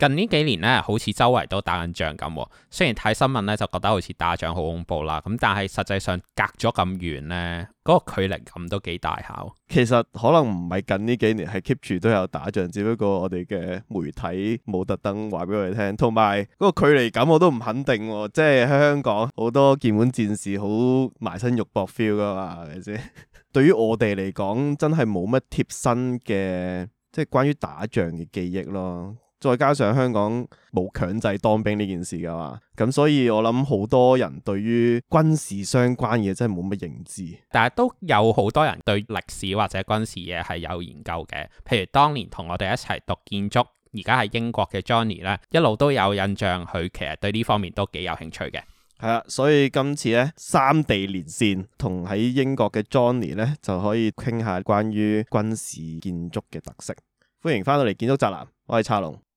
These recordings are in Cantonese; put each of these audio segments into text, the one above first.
近呢幾年咧，好似周圍都打緊仗咁。雖然睇新聞咧，就覺得好似打仗好恐怖啦。咁但係實際上隔咗咁遠咧，嗰個距離感都幾大下。其實可能唔係近呢幾年係 keep 住都有打仗，只不過我哋嘅媒體冇特登話俾我哋聽，同埋嗰個距離感我都唔肯定。即係香港好多鍵盤戰士好埋身肉搏 feel 噶嘛，係咪先？ 對於我哋嚟講，真係冇乜貼身嘅，即係關於打仗嘅記憶咯。再加上香港冇強制當兵呢件事㗎嘛，咁所以我諗好多人對於軍事相關嘢真係冇乜認知，但係都有好多人對歷史或者軍事嘢係有研究嘅。譬如當年同我哋一齊讀建築，而家喺英國嘅 Johnny 咧，一路都有印象，佢其實對呢方面都幾有興趣嘅。係啦，所以今次咧三地連線同喺英國嘅 Johnny 咧就可以傾下關於軍事建築嘅特色。歡迎翻到嚟建築宅男，我係查龍。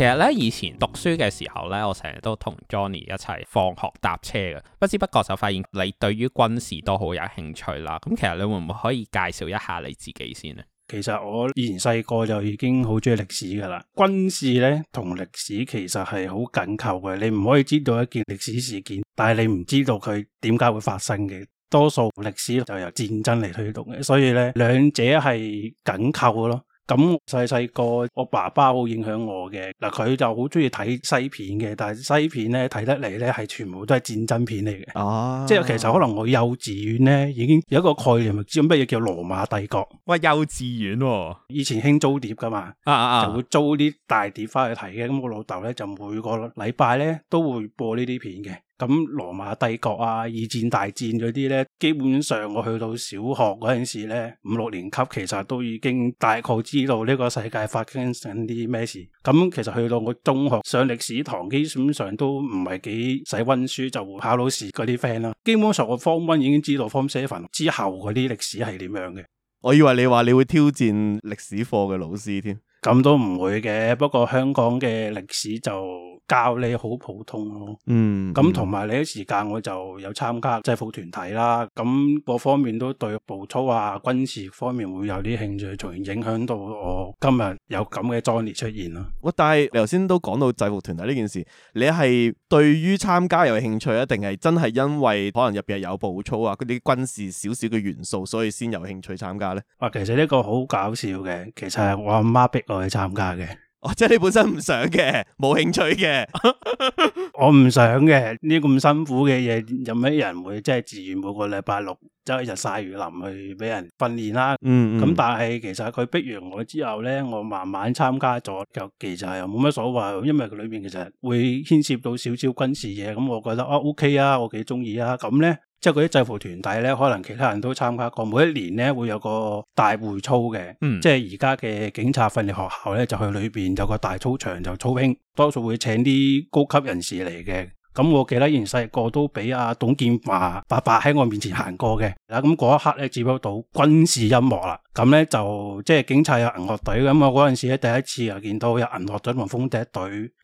其實咧，以前讀書嘅時候咧，我成日都同 Johnny 一齊放學搭車嘅，不知不覺就發現你對於軍事都好有興趣啦。咁其實你會唔會可以介紹一下你自己先咧？其實我以前細個就已經好中意歷史噶啦，軍事咧同歷史其實係好緊扣嘅。你唔可以知道一件歷史事件，但係你唔知道佢點解會發生嘅。多數歷史就由戰爭嚟推動嘅，所以咧兩者係緊扣嘅咯。咁細細個，我爸爸好影響我嘅嗱，佢就好中意睇西片嘅，但係西片咧睇得嚟咧係全部都係戰爭片嚟嘅，即係、哦、其實可能我幼稚園咧已經有一個概念，知道乜嘢叫羅馬帝國。喂、哦，幼稚園、哦，以前興租碟噶嘛，啊啊啊就會租啲大碟翻去睇嘅，咁我老豆咧就每個禮拜咧都會播呢啲片嘅。咁羅馬帝國啊、二戰大戰嗰啲呢，基本上我去到小學嗰陣時呢，五六年級其實都已經大概知道呢個世界發生緊啲咩事。咁、嗯、其實去到我中學上歷史堂，基本上都唔係幾使溫書就會考老師嗰啲 friend 啦。基本上我 form one 已經知道 form seven 之後嗰啲歷史係點樣嘅。我以為你話你會挑戰歷史課嘅老師添。咁都唔會嘅，不過香港嘅歷史就教你好普通咯、啊嗯。嗯，咁同埋你啲時間我就有參加制服團體啦，咁、那、各、個、方面都對步操啊、軍事方面會有啲興趣，從而影響到我今日有咁嘅裝列出現咯、啊。哇！但係你頭先都講到制服團體呢件事，你係對於參加有興趣啊，定係真係因為可能入邊有步操啊嗰啲軍事少少嘅元素，所以先有興趣參加呢？哇！其實呢個好搞笑嘅，其實係我阿媽，媽逼。我去參加嘅，哦，oh, 即係你本身唔想嘅，冇興趣嘅， 我唔想嘅，呢啲咁辛苦嘅嘢，有咩人會即係自願每個禮拜六走去日曬雨淋去俾人訓練啦？嗯、mm，咁、hmm. 但係其實佢逼完我之後咧，我慢慢參加咗，其實又冇乜所謂，因為佢裏面其實會牽涉到少少軍事嘢，咁我覺得啊 OK 啊，我幾中意啊，咁咧。即係嗰啲制服團體呢，可能其他人都參加過。每一年呢，會有個大會操嘅，嗯、即係而家嘅警察訓練學校呢，就去裏面有個大操場就操兵，多數會請啲高級人士嚟嘅。咁我記得以前細個都俾阿董建華伯伯喺我面前行過嘅。嗱，咁嗰一刻咧接觸到軍事音樂啦，咁咧就即係警察有銀樂隊，咁我嗰陣時咧第一次啊見到有銀樂隊同風笛隊，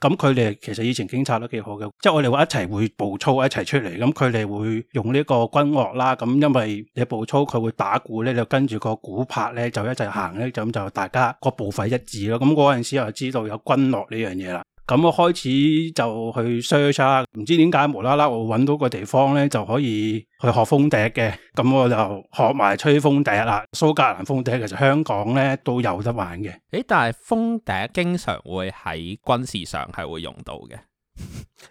咁佢哋其實以前警察都幾好嘅，即係我哋會一齊會步操，一齊出嚟，咁佢哋會用呢個軍樂啦，咁因為你步操，佢會打鼓咧，就跟住個鼓拍咧就一齊行咧，咁就大家，個步伐一致咯。咁嗰陣時又知道有軍樂呢樣嘢啦。咁我開始就去 search 啦，唔知點解無啦啦我揾到個地方咧，就可以去學風笛嘅，咁我就學埋吹風笛啦。蘇格蘭風笛其實香港咧都有得玩嘅。誒，但係風笛經常會喺軍事上係會用到嘅。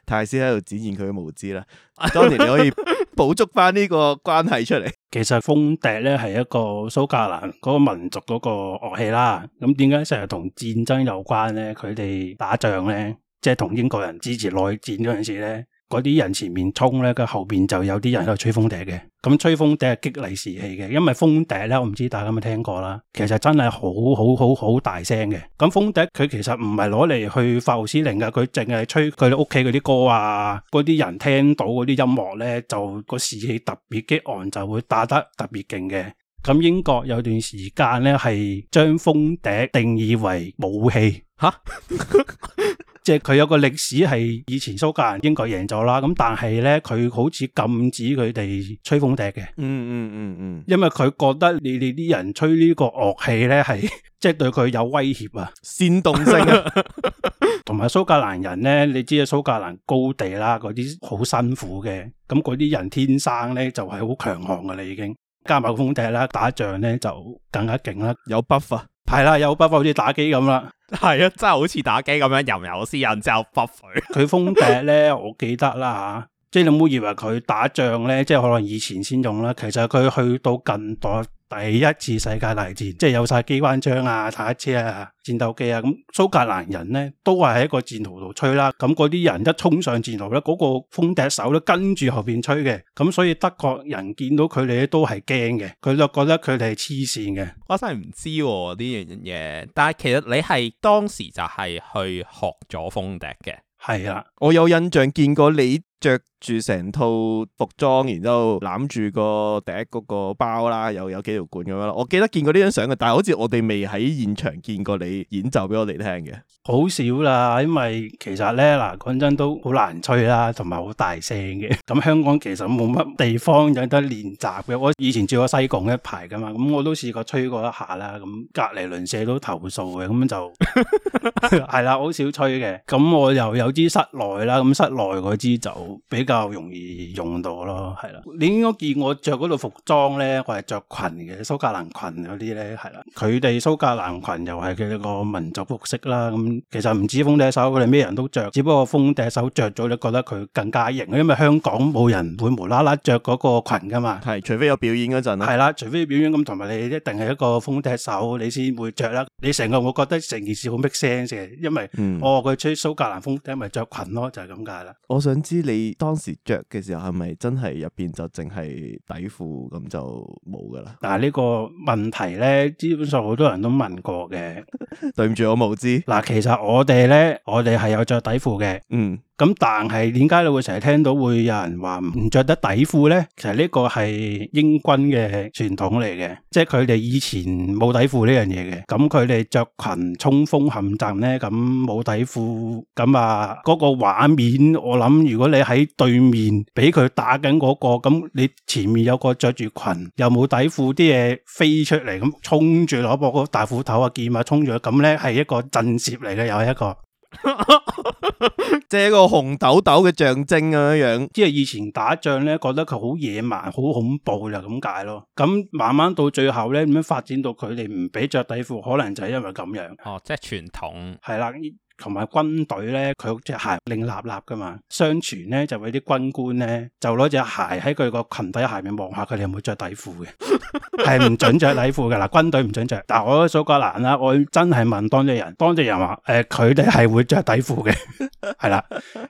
太 師喺度展現佢嘅無知啦。當年你可以。 補足翻呢個關係出嚟，其實風笛咧係一個蘇格蘭嗰個民族嗰個樂器啦。咁點解成日同戰爭有關咧？佢哋打仗咧，即係同英國人支持內戰嗰陣時咧。嗰啲人前面衝呢，個後邊就有啲人喺度吹風笛嘅。咁吹風笛係激勵士氣嘅，因為風笛呢，我唔知大家有冇聽過啦。其實真係好好好好大聲嘅。咁風笛佢其實唔係攞嚟去發號施令嘅，佢淨係吹佢屋企嗰啲歌啊，嗰啲人聽到嗰啲音樂呢，就個士氣特別激昂，就會打得特別勁嘅。咁英國有段時間呢，係將風笛定義為武器吓。哈 即係佢有個歷史，係以前蘇格蘭英國贏咗啦，咁但係咧佢好似禁止佢哋吹風笛嘅，嗯。嗯嗯嗯嗯，因為佢覺得你哋啲人吹呢個樂器咧，係即係對佢有威脅啊，煽動性啊。同埋蘇格蘭人咧，你知啊，蘇格蘭高地啦，嗰啲好辛苦嘅，咁嗰啲人天生咧就係好強悍噶啦，已經加埋個風笛啦，打仗咧就更加勁啦，有 buff 係啦，有 b 法好似打機咁啦，係啊，真係好似打機咁樣，由有私癮之後 buffer。佢封貼咧，我記得啦吓，即你唔好以為佢打仗呢，即可能以前先用啦，其實佢去到近代。第一次世界大戰即係有晒機關槍啊、坦克車啊、戰鬥機啊，咁蘇格蘭人呢都係喺個戰壕度吹啦。咁嗰啲人一衝上戰壕咧，嗰個風笛手都跟住後邊吹嘅。咁所以德國人見到佢哋都係驚嘅，佢就覺得佢哋係黐線嘅。我真係唔知呢樣嘢，但係其實你係當時就係去學咗風笛嘅。係啊，我有印象見過你。着住成套服裝，然之後攬住個第一嗰個，個包啦，又有幾條管咁樣咯。我記得見過呢張相嘅，但係好似我哋未喺現場見過你演奏俾我哋聽嘅。好少啦，因為其實咧嗱，講真都好難吹啦，同埋好大聲嘅。咁 香港其實冇乜地方有得練習嘅。我以前住過西貢一排噶嘛，咁我都試過吹過一下啦。咁隔離鄰舍都投訴嘅，咁就係啦，好 少吹嘅。咁我又有支室內啦，咁室內嗰支就～比較容易用到咯，係啦。你應該見我着嗰套服裝咧，我係着裙嘅蘇格蘭裙嗰啲咧，係啦。佢哋蘇格蘭裙又係佢哋個民族服飾啦。咁其實唔止風笛手，佢哋咩人都着，只不過風笛手着咗，你覺得佢更加型，因為香港冇人會無啦啦着嗰個裙噶嘛。係，除非有表演嗰陣啦。係啦，除非表演咁，同埋你一定係一個風笛手，你先會着啦。你成個我覺得成件事好 make sense，因為，哦，佢吹蘇格蘭風笛咪着裙咯，就係咁解啦。我想知你。你當時着嘅時候係咪真係入邊就淨係底褲咁就冇㗎喇？嗱，呢個問題咧，基本上好多人都問過嘅。 對唔住，我冇知。嗱，其實我哋咧，我哋係有着底褲嘅。嗯。咁但係點解你會成日聽到會有人話唔着得底褲咧？其實呢個係英軍嘅傳統嚟嘅，即係佢哋以前冇底褲呢樣嘢嘅。咁佢哋着裙衝鋒陷陣咧，咁冇底褲，咁啊嗰個畫面，我諗如果你喺對面俾佢打緊嗰個，咁你前面有個着住裙又冇底褲啲嘢飛出嚟，咁衝住攞部個大斧頭啊劍啊衝住，咁咧係一個震懾嚟嘅，又係一個。即係 一個紅豆豆嘅象徵咁樣樣，即係以前打仗咧，覺得佢好野蠻、好恐怖就咁解咯。咁慢慢到最後咧，點樣發展到佢哋唔俾着底褲，可能就係因為咁樣。哦，即係傳統係啦，同埋軍隊咧，佢隻鞋令立立噶嘛，相傳咧就為啲軍官咧就攞隻鞋喺佢個裙底下面望下佢哋有冇着底褲嘅。 係唔 準着底褲㗎喇，軍隊唔準着。但、啊、係我蘇格蘭啦，我真係問當地人，當地人話，誒、呃，佢哋係會着底褲嘅，係 啦，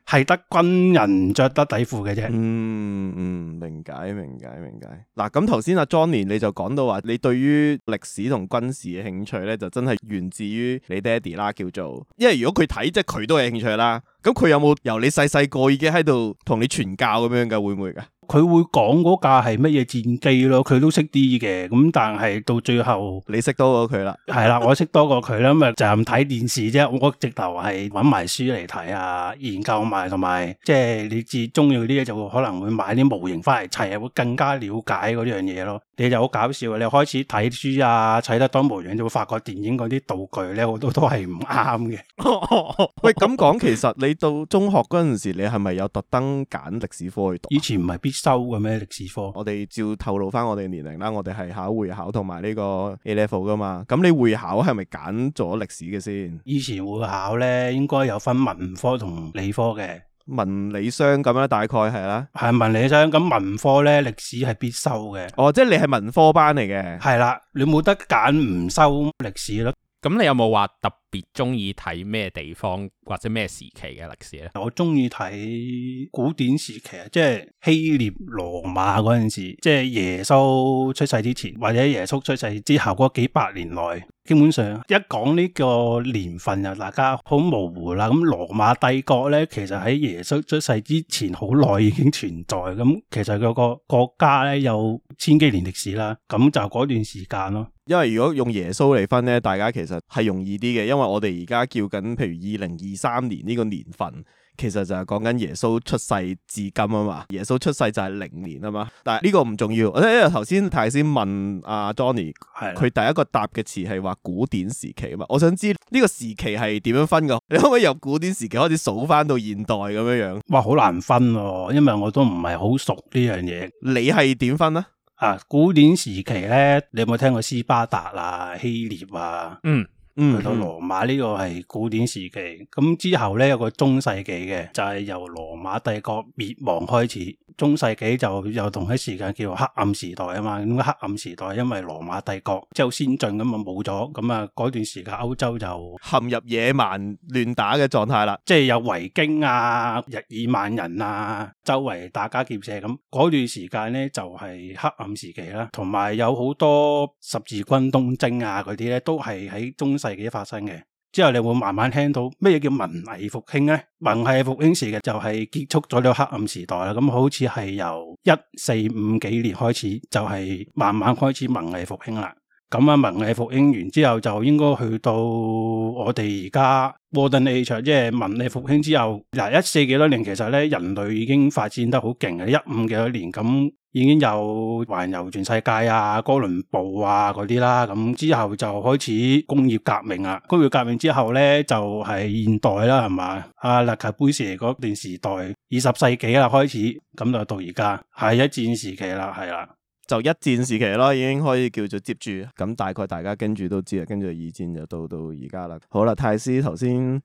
係得軍人着得底褲嘅啫。嗯嗯，明解明解明解。嗱、啊，咁頭先阿、啊、Johnny 你就講到話，你對於歷史同軍事嘅興趣咧，就真係源自於你爹哋啦，叫做，因為如果佢睇，即係佢都有興趣啦。咁佢有冇由你細細個已經喺度同你傳教咁樣噶？會唔會噶？佢會講嗰架係乜嘢戰機咯？佢都識啲嘅，咁但係到最後你識多過佢啦。係啦，我識多過佢啦，咪 就係睇電視啫。我直頭係搵埋書嚟睇啊，研究埋同埋即係你至中意嗰啲嘢，就會可能會買啲模型翻嚟砌啊，會更加了解嗰樣嘢咯。你就好搞笑，你開始睇書啊，砌得多模型，就會發覺電影嗰啲道具咧，好多係唔啱嘅。 喂，咁講其實你。到中學嗰陣時，你係咪有特登揀歷史科去讀？以前唔係必修嘅咩歷史科？我哋照透露翻我哋年齡啦，我哋係考會考同埋呢個 A level 噶嘛。咁你會考係咪揀咗歷史嘅先？以前會考咧，應該有分文科同理科嘅，文理商咁樣啦，大概係啦。係文理商咁文科咧，歷史係必修嘅。哦，即係你係文科班嚟嘅。係啦，你冇得揀唔修歷史咯。咁你有冇話特別中意睇咩地方或者咩時期嘅歷史咧？我中意睇古典時期啊，即係希臘、羅馬嗰陣時，即係耶穌出世之前或者耶穌出世之後嗰幾百年內，基本上一講呢個年份啊，大家好模糊啦。咁羅馬帝國咧，其實喺耶穌出世之前好耐已經存在，咁其實嗰個國家咧，有千幾年歷史啦，咁就嗰段時間咯。因為如果用耶穌嚟分咧，大家其實係容易啲嘅，因為我哋而家叫緊，譬如二零二三年呢個年份，其實就係講緊耶穌出世至今啊嘛。耶穌出世就係零年啊嘛，但係呢個唔重要。因為頭先泰先問阿、啊、Johnny，佢的第一個答嘅詞係話古典時期啊嘛。我想知呢個時期係點樣分噶？你可唔可以由古典時期開始數翻到現代咁樣樣？哇，好難分哦、啊，因為我都唔係好熟呢樣嘢。你係點分啊？啊，古典時期咧，你有冇聽過斯巴達啊、希臘啊？嗯。去到羅馬呢個係古典時期，咁之後咧，有個中世紀嘅，就係由羅馬帝國滅亡開始。中世紀就又同一時間叫做黑暗時代啊嘛。咁黑暗時代因為羅馬帝國之後先進咁啊冇咗，咁啊段時間歐洲就陷入野蠻亂打嘅狀態啦。即係有維京啊、日耳曼人啊，周圍打家劫舍咁。段時間咧就係黑暗時期啦，同埋有好多十字軍東征啊，嗰啲咧都係喺中。世紀發生嘅，之後你會慢慢聽到咩叫文藝復興咧？文藝復興時嘅就係結束咗呢個黑暗時代啦。咁好似係由一四五幾年開始，就係慢慢開始文藝復興啦。咁啊，文藝復興完之後就應該去到我哋而家 modern age，即係文藝復興之後，嗱一四幾多年，其實咧人類已經發展得好勁啊！一五幾多年咁已經有環遊全世界啊，哥倫布啊嗰啲啦，咁、啊、之後就開始工業革命啦。工業革命之後咧就係、是、現代啦，係嘛？啊，納吉杯斯嗰段時代，二十世紀啦開始，咁就到而家係一戰時期啦，係啦。就一戰時期咯，已經可以叫做接住咁，大概大家跟住都知啦。跟住二戰就到到而家啦。好啦，泰斯頭先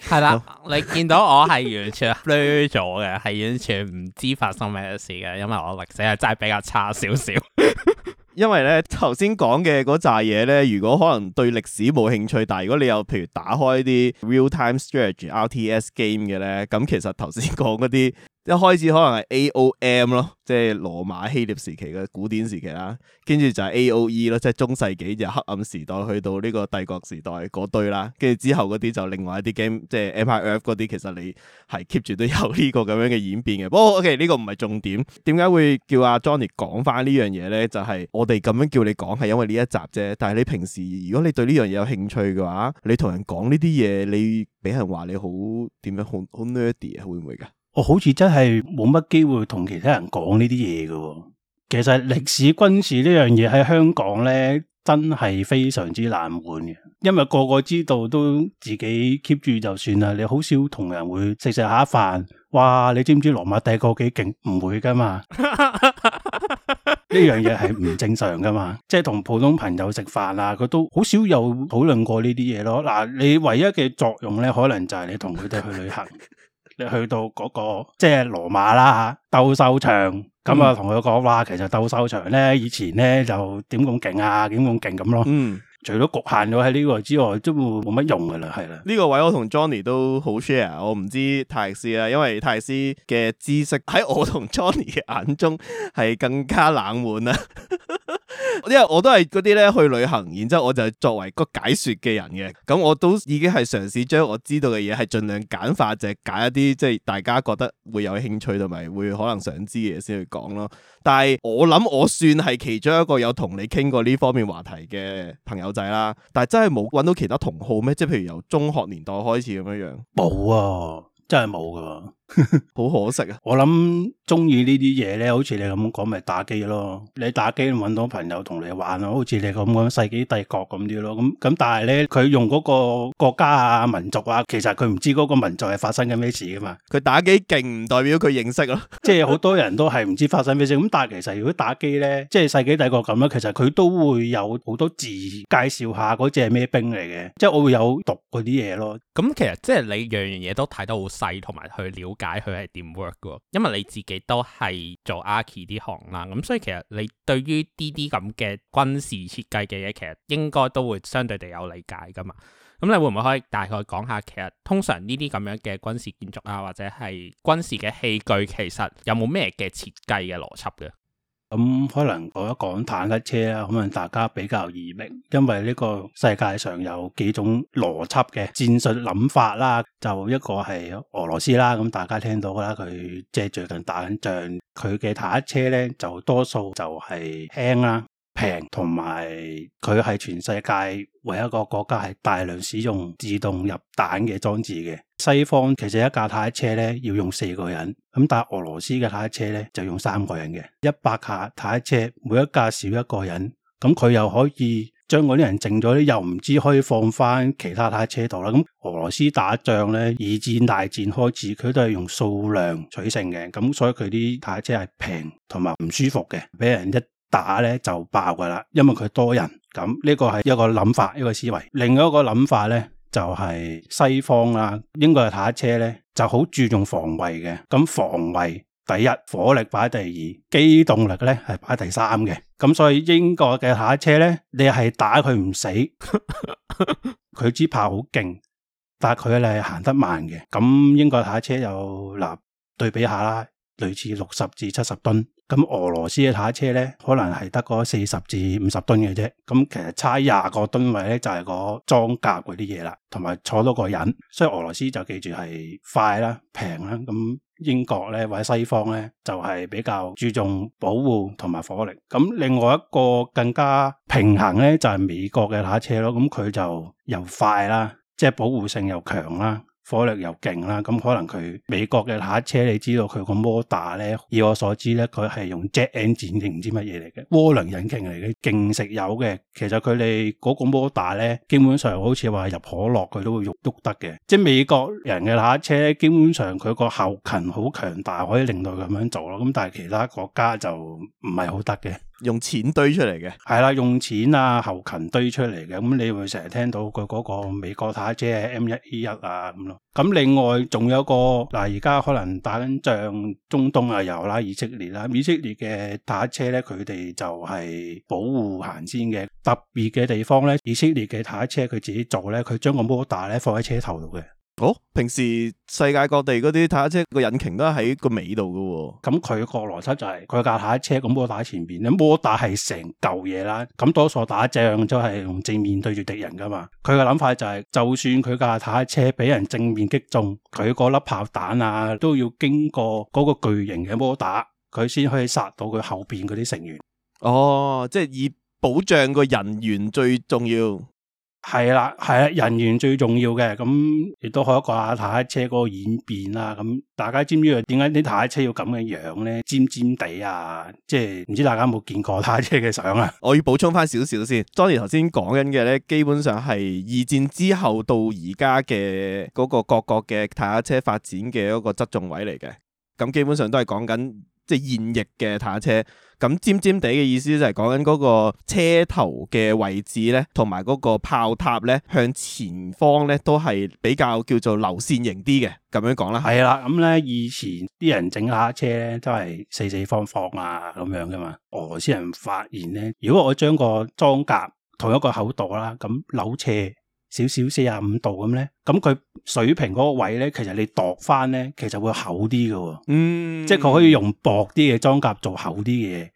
係啦，你見到我係完全 blur 咗嘅，係 完全唔知發生咩事嘅，因為我歷史係真係比較差少少。因為呢，頭先講嘅嗰扎嘢呢，如果可能對歷史冇興趣，但係如果你有譬如打開啲 real time strategy RTS game 嘅呢，咁其實頭先講嗰啲。一開始可能係 A O M 咯，即係羅馬希臘時期嘅古典時期啦，跟住就係 A O E 咯，即係中世紀由黑暗時代去到呢個帝國時代嗰堆啦，跟住之後嗰啲就另外一啲 game，即係 M I F 嗰啲，其實你係 keep 住都有呢個咁樣嘅演變嘅。哦、okay，不過 OK，呢個唔係重點。點解會叫阿 Johnny 講翻呢樣嘢咧？就係、是、我哋咁樣叫你講係因為呢一集啫。但係你平時如果你對呢樣嘢有興趣嘅話，你同人講呢啲嘢，你俾人話你好點樣好好 nerdy 啊？Ner dy，會唔會㗎？我好似真係冇乜機會同其他人講呢啲嘢嘅。其實歷史軍事呢樣嘢喺香港咧，真係非常之難換嘅，因為個個知道都自己 keep 住就算啦。你好少同人會食食下飯，哇！你知唔知羅馬帝國幾勁？唔會噶嘛，呢樣嘢係唔正常噶嘛。即係同普通朋友食飯啊，佢都好少有討論過呢啲嘢咯。嗱、啊，你唯一嘅作用咧，可能就係你同佢哋去旅行。 你去到嗰個即係羅馬啦吓，鬥獸場咁啊，同佢講哇，其實鬥獸場咧以前咧就點咁勁啊，點咁勁咁咯。嗯，除咗局限咗喺呢個之外，都冇乜用噶啦，係啦。呢個位我同 Johnny 都好 share，我唔知泰斯啦，因為泰斯嘅知識喺我同 Johnny 嘅眼中係更加冷門啊。 因為我都係嗰啲咧去旅行，然之後我就作為個解說嘅人嘅，咁我都已經係嘗試將我知道嘅嘢係盡量簡化，就係揀一啲，即係大家覺得會有興趣同埋會可能想知嘅嘢先去講咯。但係我諗我算係其中一個有同你傾過呢方面話題嘅朋友仔啦。但係真係冇搵到其他同好咩？即係譬如由中學年代開始咁樣樣，冇啊，真係冇㗎。 好可惜啊！我諗中意呢啲嘢咧，好似你咁講，咪、就是、打機咯。你打機搵到朋友同你玩你咯，好似你咁講《世紀帝國》咁啲咯。咁咁但係咧，佢用嗰個國家啊、民族啊，其實佢唔知嗰個民族係發生緊咩事噶嘛。佢打機勁唔代表佢認識咯， 即係好多人都係唔知發生咩事。咁但係其實如果打機咧，即係《世紀帝國》咁啦，其實佢都會有好多字介紹下嗰隻係咩兵嚟嘅，即係我會有讀嗰啲嘢咯。咁 其實即係你樣樣嘢都睇得好細，同埋去了。.解佢係點 work 嘅喎。因為你自己都係做 Archi 啲行啦，咁所以其實你對於呢啲咁嘅軍事設計嘅嘢，其實應該都會相對地有理解噶嘛。咁你會唔會可以大概講下？其實通常呢啲咁樣嘅軍事建築啊，或者係軍事嘅器具，其實有冇咩嘅設計嘅邏輯嘅？咁、嗯、可能講一講坦克車啦，咁啊大家比較易明，因為呢個世界上有幾種邏輯嘅戰術諗法啦，就一個係俄羅斯啦，咁、嗯、大家聽到啦，佢即係最近打緊仗，佢嘅坦克車咧就多數就係輕啦。平同埋佢係全世界唯一一個國家係大量使用自動入彈嘅裝置嘅。西方其實一架坦克車咧要用四個人，咁但係俄羅斯嘅坦克車咧就用三個人嘅。一百架坦克車每一架少一個人，咁佢又可以將嗰啲人淨咗啲，又唔知可以放翻其他坦克車度啦。咁俄羅斯打仗咧二戰大戰開始，佢都係用數量取勝嘅，咁所以佢啲坦克車係平同埋唔舒服嘅，俾人一。打咧就爆噶啦，因為佢多人，咁、這、呢個係一個諗法，一個思維。另外一個諗法咧就係西方啦，英國嘅坦克車咧就好注重防衛嘅。咁防衛第一，火力擺喺第二，機動力咧係擺喺第三嘅。咁所以英國嘅坦克車咧，你係打佢唔死，佢 支炮好勁，但係佢咧行得慢嘅。咁英國坦克車有嗱對比下啦，類似六十至七十噸。咁俄羅斯嘅坦克車咧，可能係得嗰四十至五十噸嘅啫。咁其實差廿個噸位咧，就係個裝甲嗰啲嘢啦，同埋坐多個人。所以俄羅斯就記住係快啦、平啦。咁英國咧或者西方咧，就係比較注重保護同埋火力。咁另外一個更加平衡咧，就係美國嘅坦克車咯。咁佢就又快啦，即係保護性又強啦。火力又勁啦，咁可能佢美國嘅坦克車，你知道佢個摩打咧，以我所知咧，佢係用 jet engine 定唔知乜嘢嚟嘅，渦輪引擎嚟嘅，勁食油嘅。其實佢哋嗰個摩打咧，基本上好似話入可樂佢都會喐得嘅。即係美國人嘅坦克車呢，基本上佢個後勤好強大，可以令到咁樣做咯。咁但係其他國家就唔係好得嘅。用錢堆出嚟嘅。係啦，用錢啊，後勤堆出嚟嘅，咁你會成日聽到佢嗰個美國坦克 M 一 E 一啊咁咯。咁另外仲有個嗱，而家可能打緊仗中東啊有啦，以色列啦，以色列嘅坦克車咧，佢哋就係保護行先嘅，特別嘅地方咧，以色列嘅坦克車佢自己做咧，佢將個摩 o d a 咧放喺車頭度嘅。哦，平時世界各地嗰啲坦克車個引擎都喺個尾度噶。哦，咁佢個邏輯就係佢架坦克車咁摩打前邊，你摩打係成舊嘢啦，咁、嗯、多數打仗就係用正面對住敵人噶嘛。佢嘅諗法就係、是，就算佢架坦克車俾人正面擊中，佢嗰粒炮彈啊都要經過嗰個巨型嘅摩打，佢先可以殺到佢後邊嗰啲成員。哦，即係以保障個人員最重要。係啦，係啊，人員最重要嘅，咁亦都可以講下坦克車嗰個演變啊。咁大家知唔知點解啲坦克車要咁嘅樣咧？尖尖地啊，即係唔知大家有冇見過坦克車嘅相啊？我要補充翻少少先，Johnny 頭先講緊嘅咧，基本上係二戰之後到而家嘅嗰個各國嘅坦克車發展嘅一個側重位嚟嘅。咁基本上都係講緊。即係現役嘅坦克，咁尖尖地嘅意思就係講緊嗰個車頭嘅位置咧，同埋嗰個炮塔咧向前方咧都係比較叫做流線型啲嘅，咁樣講啦。係啦，咁、嗯、咧以前啲人整坦克咧都係四四方方啊咁樣噶嘛，俄羅斯人發現咧，如果我將個裝甲同一個厚度啦，咁扭斜，少少四啊五度咁咧，咁佢水平嗰個位咧，其實你度翻咧，其實會厚啲嘅喎，嗯，即係佢可以用薄啲嘅裝甲做厚啲嘅嘢。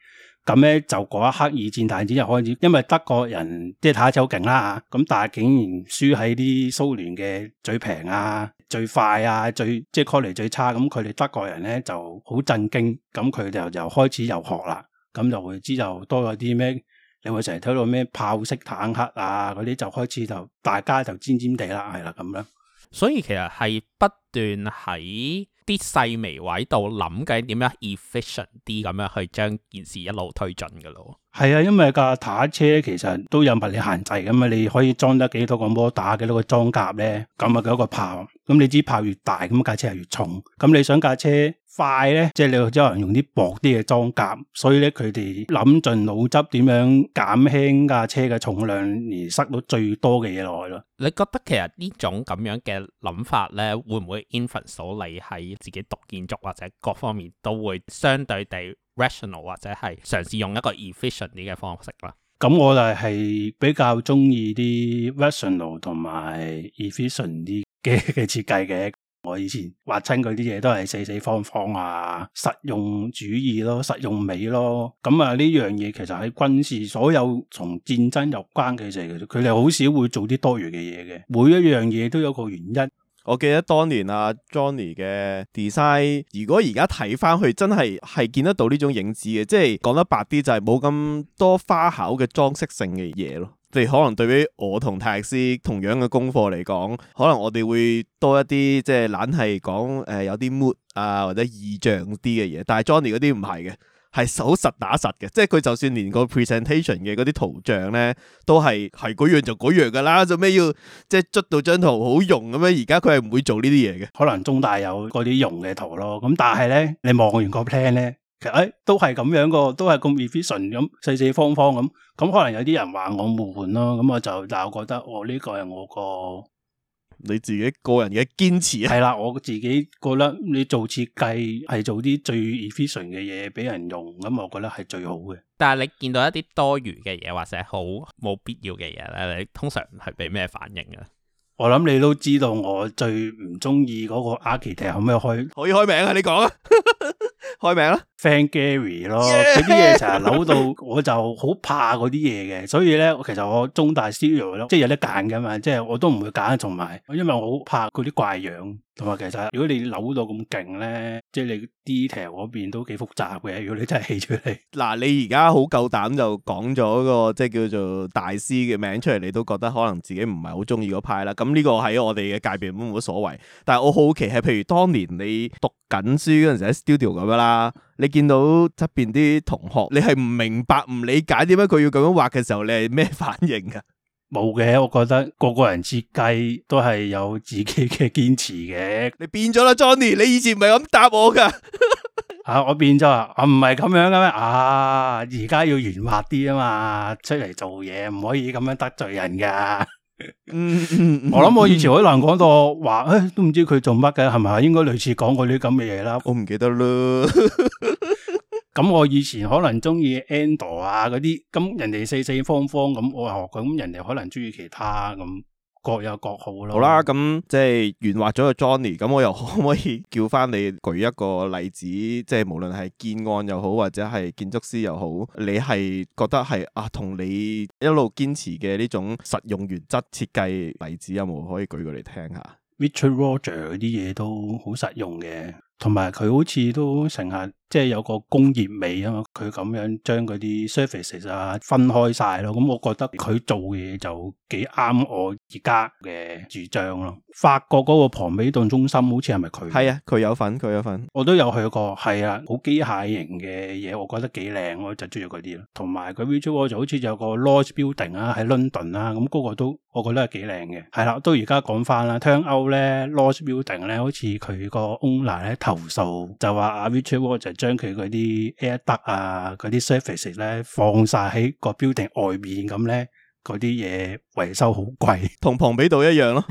咁咧就嗰一刻二戰大戰就開始，因為德國人即係睇下走勁啦嚇，咁、啊、但係竟然輸喺啲蘇聯嘅最平啊、最快啊、最即係 call 嚟最差，咁佢哋德國人咧就好震驚，咁佢就又開始又學啦，咁就會知就多咗啲咩？你會成日睇到咩炮式坦克啊，嗰啲就開始就大家就尖尖地啦，係啦咁樣。所以其實係不斷喺啲細微位度諗緊點樣 efficient 啲咁樣去將件事一路推進噶咯。係啊，因為架坦克車其實都有物理限制咁啊，你可以裝得幾多個摩打，幾多個裝甲咧，咁啊，嗰個炮。咁你知炮越大，咁架車係越，越重。咁你想架車快咧，即係你只能用啲薄啲嘅裝甲，所以咧佢哋諗盡腦汁點樣減輕架車嘅重量，而塞到最多嘅嘢落去咯。你覺得其實呢種咁樣嘅諗法咧，會唔會 influence 到你喺自己讀建築或者各方面都會相對地 rational 或者係嘗試用一個 efficient 啲嘅方式啦？咁我就係比較中意啲 rational 同埋 efficient 啲嘅嘅設計嘅。我以前畫親佢啲嘢都係四四方方啊，實用主義咯，實用美咯。咁啊呢樣嘢其實喺軍事所有同戰爭有關嘅嘢，佢哋好少會做啲多餘嘅嘢嘅。每一樣嘢都有個原因。我記得當年啊，Johnny 嘅 design，如果而家睇翻去，真係係見得到呢種影子嘅。即係講得白啲，就係冇咁多花巧嘅裝飾性嘅嘢咯。即係可能對於我同泰斯同樣嘅功課嚟講，可能我哋會多一啲即係懶係講誒有啲 mood 啊或者意象啲嘅嘢，但係 Johnny 嗰啲唔係嘅，係手實打實嘅，即係佢就算連個 presentation 嘅嗰啲圖像咧，都係係嗰樣就嗰樣噶啦，做咩要即係捽到張圖好用咁樣？而家佢係唔會做呢啲嘢嘅，可能中大有嗰啲用嘅圖咯。咁但係咧，你望完個 plan 咧。其實誒，都係咁樣個，都係咁 efficient 咁四四方方咁，咁、嗯、可能有啲人話我悶咯，咁、嗯、我就但我覺得、哦，這個、我呢個係我個你自己個人嘅堅持啊。係 啦、嗯，我自己覺得你做設計係做啲最 efficient 嘅嘢俾人用啊、嗯、我覺得係最好嘅。但係你見到一啲多餘嘅嘢或者好冇必要嘅嘢咧，你通常係俾咩反應啊？我諗你都知道，我最唔中意嗰個 architect 可唔可以開可以開名啊？你講啊！ 開名啦 Frank Gehry 咯，佢啲嘢成日扭到，我就好怕嗰啲嘢嘅。所以咧，其實我中大 Studio 咯，即係有得揀噶嘛，即係我都唔會揀同埋，因為我好怕嗰啲怪樣，同埋其實如果你扭到咁勁咧，即係 detail 嗰邊都幾複雜嘅，如果你真係起出嚟。嗱，你而家好夠膽就講咗一個即係叫做大師嘅名出嚟，你都覺得可能自己唔係好中意嗰派啦。咁呢個喺我哋嘅界別冇乜所謂，但係我好奇係，譬如當年你讀緊書嗰陣時喺 Studio 咁樣。啊！你見到側邊啲同學，你係唔明白、唔理解點解佢要咁樣畫嘅時候，你係咩反應㗎？冇嘅，我覺得個個人設計都係有自己嘅堅持嘅。你變咗啦，Johnny！你以前唔係咁答我噶吓、 啊，我變咗啊？唔係咁樣嘅咩？啊，而家要圓滑啲啊嘛，出嚟做嘢唔可以咁樣得罪人噶。嗯，嗯嗯，我諗我，我, 我以前可能講到話，誒，都唔知佢做乜嘅，係咪應該類似講過啲咁嘅嘢啦？我唔記得啦。咁我以前可能中意 Andor 啊嗰啲，咁人哋四四方方咁，我學佢，咁人哋可能中意其他咁。各有各好咯。好啦，咁即係圓滑咗個 Johnny，咁我又可唔可以叫翻你舉一個例子，即係無論係建案又好，或者係建築師又好，你係覺得係啊，同你一路堅持嘅呢種實用原則設計例子有冇可以舉過嚟聽下？Richard Roger 啲嘢都好實用嘅，同埋佢好似都成日。即係有個工業味啊嘛，佢咁樣將嗰啲 services 啊分開晒咯，咁、嗯、我覺得佢做嘅嘢就幾啱我而家嘅主張咯。法國嗰個龐比頓中心好似係咪佢？係啊，佢有份，佢有份。我都有去過，係啊，好機械型嘅嘢，我覺得幾靚，我就中意嗰啲咯。同埋佢 Richard Ward 就好似有個 Loft Building 啊，喺倫敦啊。咁、嗯、嗰、那個都我覺得係幾靚嘅。係啦、啊，都而家講翻啦，Tunel 咧 Loft Building 咧，好似佢個 owner 咧投訴就話啊 Richard Ward 就。將佢嗰啲 air duct 啊，嗰啲 surface 咧放晒喺個 building 外面咁咧，嗰啲嘢維修好貴，同 龐比度一樣咯。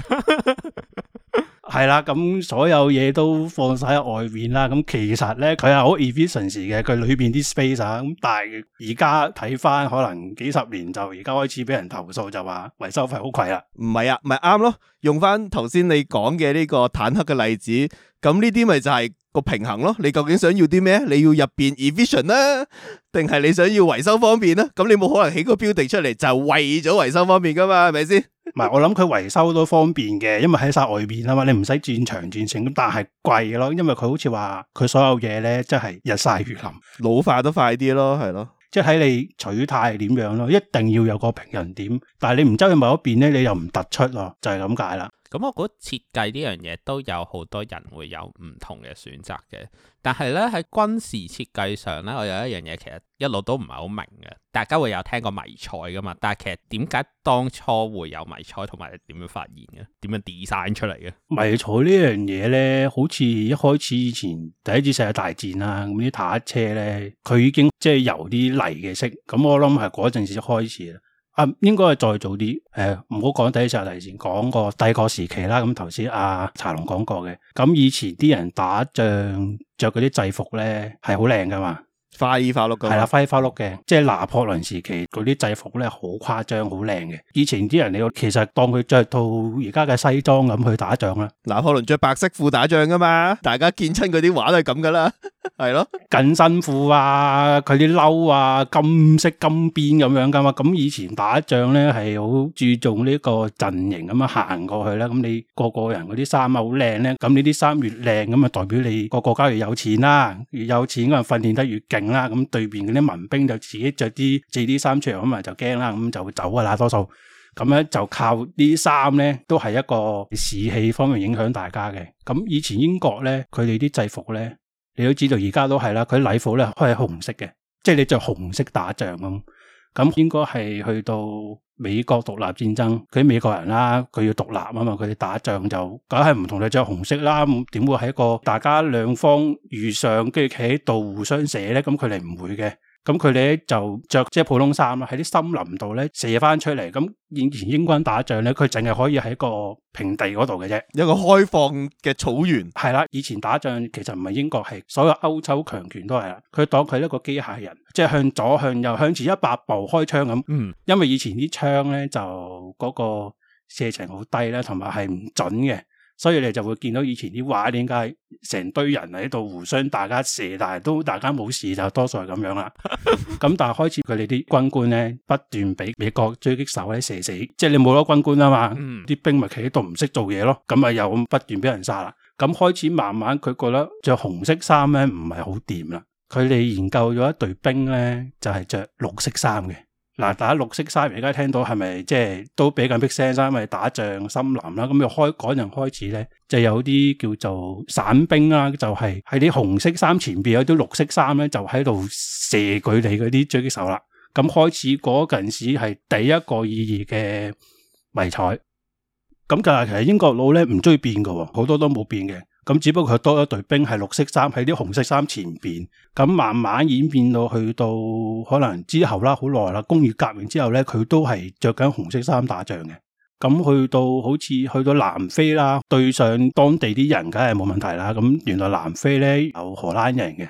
係 啦，咁所有嘢都放晒喺外面啦。咁其實咧，佢係好 efficient 嘅，佢裏邊啲 space 啊。咁但係而家睇翻，可能幾十年就而家開始俾人投訴，就話維修費好貴啦。唔係啊，咪啱咯。用翻頭先你講嘅呢個坦克嘅例子。咁呢啲咪就係個平衡咯？你究竟想要啲咩？你要入邊 evision 咧，定係你想要維修方便咧？咁你冇可能起個 b 地出嚟就為咗維修方便噶嘛？係咪先？唔係，我諗佢維修都方便嘅，因為喺晒外邊啊嘛，你唔使轉牆轉牆咁，但係貴咯，因為佢好似話佢所有嘢咧，即係日曬雨淋，老化都快啲咯，係咯，即係睇你取態係點樣咯，一定要有個平衡點。但係你唔周去某一邊咧，你又唔突出咯，就係、是、咁解啦。咁我估設計呢樣嘢都有好多人會有唔同嘅選擇嘅，但係咧喺軍事設計上咧，我有一樣嘢其實一路都唔係好明嘅。大家會有聽過迷彩噶嘛？但係其實點解當初會有迷彩同埋點樣發現嘅？點樣 design 出嚟嘅？迷彩呢樣嘢咧，好似一開始以前第一次世界大戰啦，咁啲坦克車咧，佢已經即係由啲泥嘅色，咁我諗係嗰陣時開始。啊，應該係再早啲，誒唔好講第一集，提前講過帝國時期啦。咁頭先阿茶龍講過嘅，咁以前啲人打仗著嗰啲制服呢係好靚㗎嘛。花衣花碌嘅，係啦，花衣花碌嘅，即係拿破崙時期嗰啲制服咧，好誇張，好靚嘅。以前啲人你其實當佢着套而家嘅西裝咁去打仗啦。拿破崙着白色褲打仗噶嘛，大家見親嗰啲畫都係咁噶啦，係 咯的，緊身褲啊，佢啲褸啊，金色金邊咁樣噶嘛。咁以前打仗咧係好注重呢個陣營咁樣行過去啦。咁你個個人嗰啲衫啊好靚咧，咁你啲衫越靚咁啊代表你個，個國家越有錢啦，越有錢嗰人訓練得越勁啦，咁對面嗰啲民兵就自己着啲製啲衫出嚟，咁咪就驚啦，咁就走噶啦，多數咁咧就靠啲衫咧，都係一個士氣方面影響大家嘅。咁以前英國咧，佢哋啲制服咧，你都知道，而家都係啦，佢禮服咧係紅色嘅，即係你着紅色打仗咁，咁應該係去到。美國獨立戰爭，佢美國人啦，佢要獨立啊嘛，佢哋打仗就梗係唔同你着紅色啦，咁點會喺一個大家兩方遇上跟住企喺度互相射呢？咁佢哋唔會嘅。咁佢哋就着即係普通衫啦，喺啲森林度咧射翻出嚟。咁以前英軍打仗咧，佢淨係可以喺個平地嗰度嘅啫，一個開放嘅草原。係啦，以前打仗其實唔係英國，係所有歐洲強權都係啦。佢當佢一個機械人，即係向左、向右、向前一百步開槍咁。嗯，因為以前啲槍咧就嗰個射程好低咧，同埋係唔準嘅。所以你就會見到以前啲畫點解成堆人喺度互相大家射，但係都大家冇事，就多數係咁樣啦。咁 但係開始佢哋啲軍官咧不斷俾美國狙擊手咧射死，即係你冇咗軍官啊嘛，啲、嗯、兵咪企喺度唔識做嘢咯。咁啊又不斷俾人殺啦。咁開始慢慢佢覺得着紅色衫咧唔係好掂啦。佢哋研究咗一隊兵咧就係、是、着綠色衫嘅。嗱，打綠色衫而家聽到係咪即係都比較逼聲？因為打仗森林啦，咁又開陣開始咧，就有啲叫做散兵啦，就係喺啲紅色衫前邊有啲綠色衫咧，就喺度射佢哋嗰啲狙擊手啦。咁開始嗰陣時係第一個意義嘅迷彩。咁但係其實英國佬咧唔鍾意變㗎，好多都冇變嘅。咁只不過佢多咗隊兵係綠色衫喺啲紅色衫前邊，咁慢慢演變到去到可能之後啦，好耐啦，工業革命之後咧，佢都係着緊紅色衫打仗嘅。咁去到好似去到南非啦，對上當地啲人，梗係冇問題啦。咁原來南非咧，有荷蘭人嘅，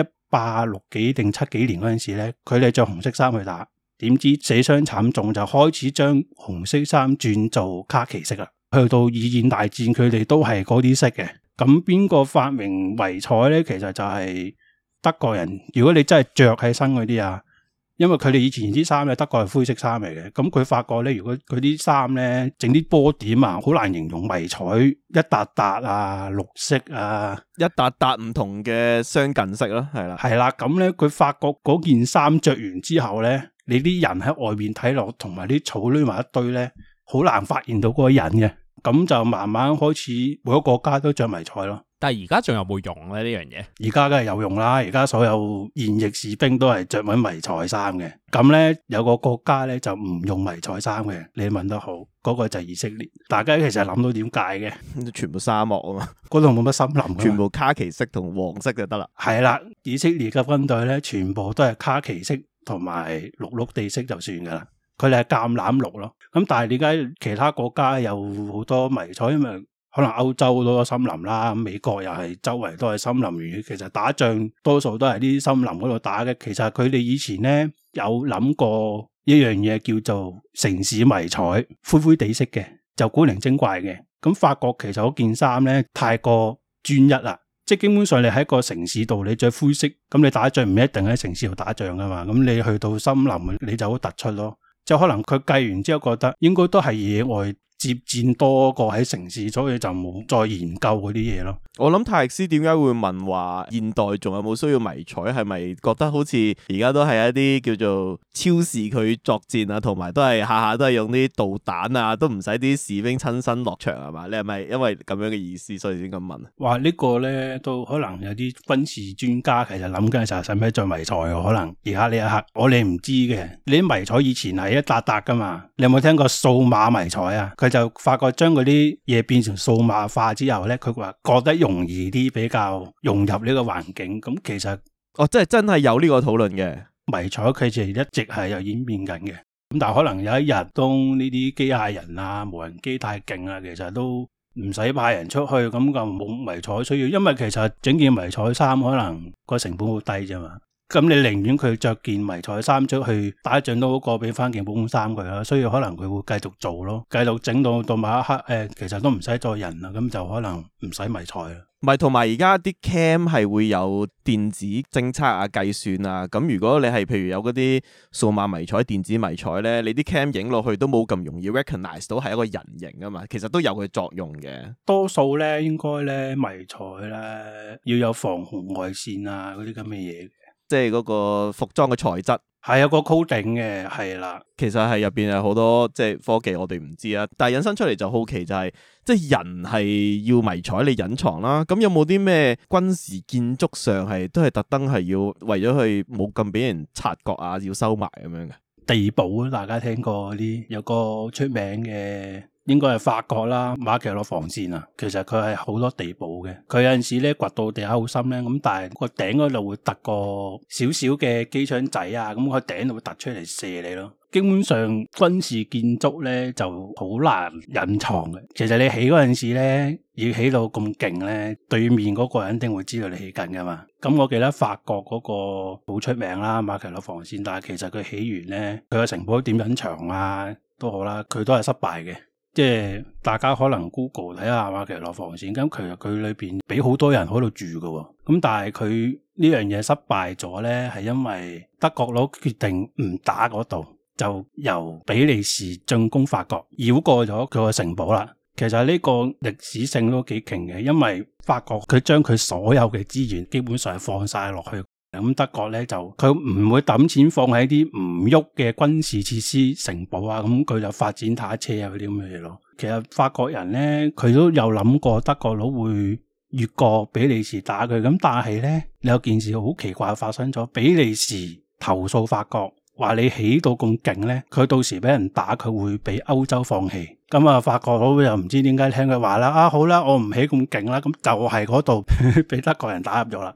一八六幾定七幾年嗰陣時咧，佢哋着紅色衫去打，點知死傷慘重，就開始將紅色衫轉做卡其色啦。去到二戰大戰，佢哋都係嗰啲色嘅。咁邊個發明迷彩呢？其實就係德國人。如果你真係着起身嗰啲啊，因為佢哋以前啲衫咧，德國係灰色衫嚟嘅。咁佢發覺呢，如果佢啲衫呢，整啲波點啊，好難形容迷彩，一笪笪啊，綠色啊，一笪笪唔同嘅相近色咯，啊，係啦，係啦。咁呢，佢發覺嗰件衫着完之後呢，你啲人喺外面睇落，同埋啲草堆埋一,一堆呢，好難發現到嗰個人嘅。咁就慢慢開始，每個國家都着迷彩咯。但係而家仲有冇用咧？呢樣嘢而家梗係有用啦。而家所有現役士兵都係着緊迷彩衫嘅。咁咧，有個國家咧就唔用迷彩衫嘅。你問得好，嗰個就以色列。大家其實諗到點解嘅？全部沙漠啊嘛，嗰度冇乜森林，全部卡其色同黃色就得啦。係啦，以色列嘅軍隊咧，全部都係卡其色同埋綠綠地色就算噶啦。佢哋係橄欖綠咯，咁但係點解其他國家有好多迷彩？因為可能歐洲好多森林啦，美國又係周圍都係森林魚。其實打仗多數都係啲森林嗰度打嘅。其實佢哋以前呢，有諗過一樣嘢叫做城市迷彩，灰灰地色嘅，就古靈精怪嘅。咁法國其實嗰件衫呢，太過專一啦，即係基本上你喺個城市度，你着灰色，咁你打仗唔一定喺城市度打仗噶嘛。咁你去到森林，你就好突出咯。就可能佢計完之後覺得應該都係野外。接戰多過喺城市，所以就冇再研究嗰啲嘢咯。我諗泰勒斯點解會問，話現代仲有冇需要迷彩？係咪覺得好似而家都係一啲叫做超視距作戰啊，同埋都係下下都係用啲導彈啊，都唔使啲士兵親身落場係嘛？你係咪因為咁樣嘅意思所以先咁問啊？話呢個呢，都可能有啲軍事專家其實諗緊就使唔使再迷彩可能？而家呢一刻，我哋唔知嘅，你啲迷彩以前係一笪笪噶嘛？你有冇聽過數碼迷彩啊？佢就發覺將嗰啲嘢變成數碼化之後呢，佢話覺得容易啲，比較融入呢個環境。咁其實我、哦、真係真係有呢個討論嘅、嗯、迷彩，佢就一直係有演變緊嘅。咁但係可能有一日當呢啲機械人啊、無人機太勁啊，其實都唔使派人出去，咁就冇迷彩需要，因為其實整件迷彩衫可能個成本好低啫嘛。咁你寧願佢着件迷彩衫出去，打一仗都好過俾翻件保安衫佢啦。所以可能佢會繼續做咯，繼續整到到某一刻，誒、呃，其實都唔使再人啦。咁就可能唔使迷彩啦。唔係，同埋而家啲 cam 係會有電子偵測啊、計算啊。咁如果你係譬如有嗰啲數碼迷彩、電子迷彩咧，你啲 cam 影落去都冇咁容易 recognize 到係一個人形啊嘛。其實都有佢作用嘅。多數咧，應該咧迷彩咧要有防紅外線啊嗰啲咁嘅嘢。這即係嗰個服裝嘅材質，係有個 coating 嘅，係啦。其實係入邊係好多即係科技，我哋唔知啊。但係引申出嚟就好奇就係、是，即係人係要迷彩，你隱藏啦。咁有冇啲咩軍事建築上係都係特登係要為咗去冇咁俾人察覺啊？要收埋咁樣嘅地堡，大家聽過啲有個出名嘅。應該係法國啦，馬奇諾防線啊，其實佢係好多地堡嘅，佢有陣時咧掘到地下好深咧，咁但係個頂嗰度會突個少少嘅機槍仔啊，咁佢頂度會突出嚟射你咯。基本上軍事建築咧就好難隱藏嘅，其實你起嗰陣時咧要起到咁勁咧，對面嗰個肯定會知道你起緊噶嘛。咁、嗯、我記得法國嗰個好出名啦，馬奇諾防線，但係其實佢起完咧，佢個城堡點隱藏啊都好啦，佢都係失敗嘅。即係大家可能 Google 睇下馬奇諾防線咁，其實佢裏邊俾好多人喺度住嘅，咁但係佢呢樣嘢失敗咗咧，係因為德國佬決定唔打嗰度，就由比利時進攻法國，繞過咗佢嘅城堡啦。其實呢個歷史性都幾勁嘅，因為法國佢將佢所有嘅資源基本上放晒落去。咁德國咧就佢唔會揼錢放喺啲唔喐嘅軍事設施、城堡啊，咁、嗯、佢就發展坦克啊嗰啲咁嘅嘢咯。其實法國人咧佢都有諗過德國佬會越過比利時打佢，咁但係咧有件事好奇怪發生咗。比利時投訴法國話你起到咁勁咧，佢到時俾人打佢會俾歐洲放棄。咁、嗯、啊法國佬又唔知點解聽佢話啦，啊好啦，我唔起咁勁啦，咁、嗯、就係嗰度俾德國人打入咗啦。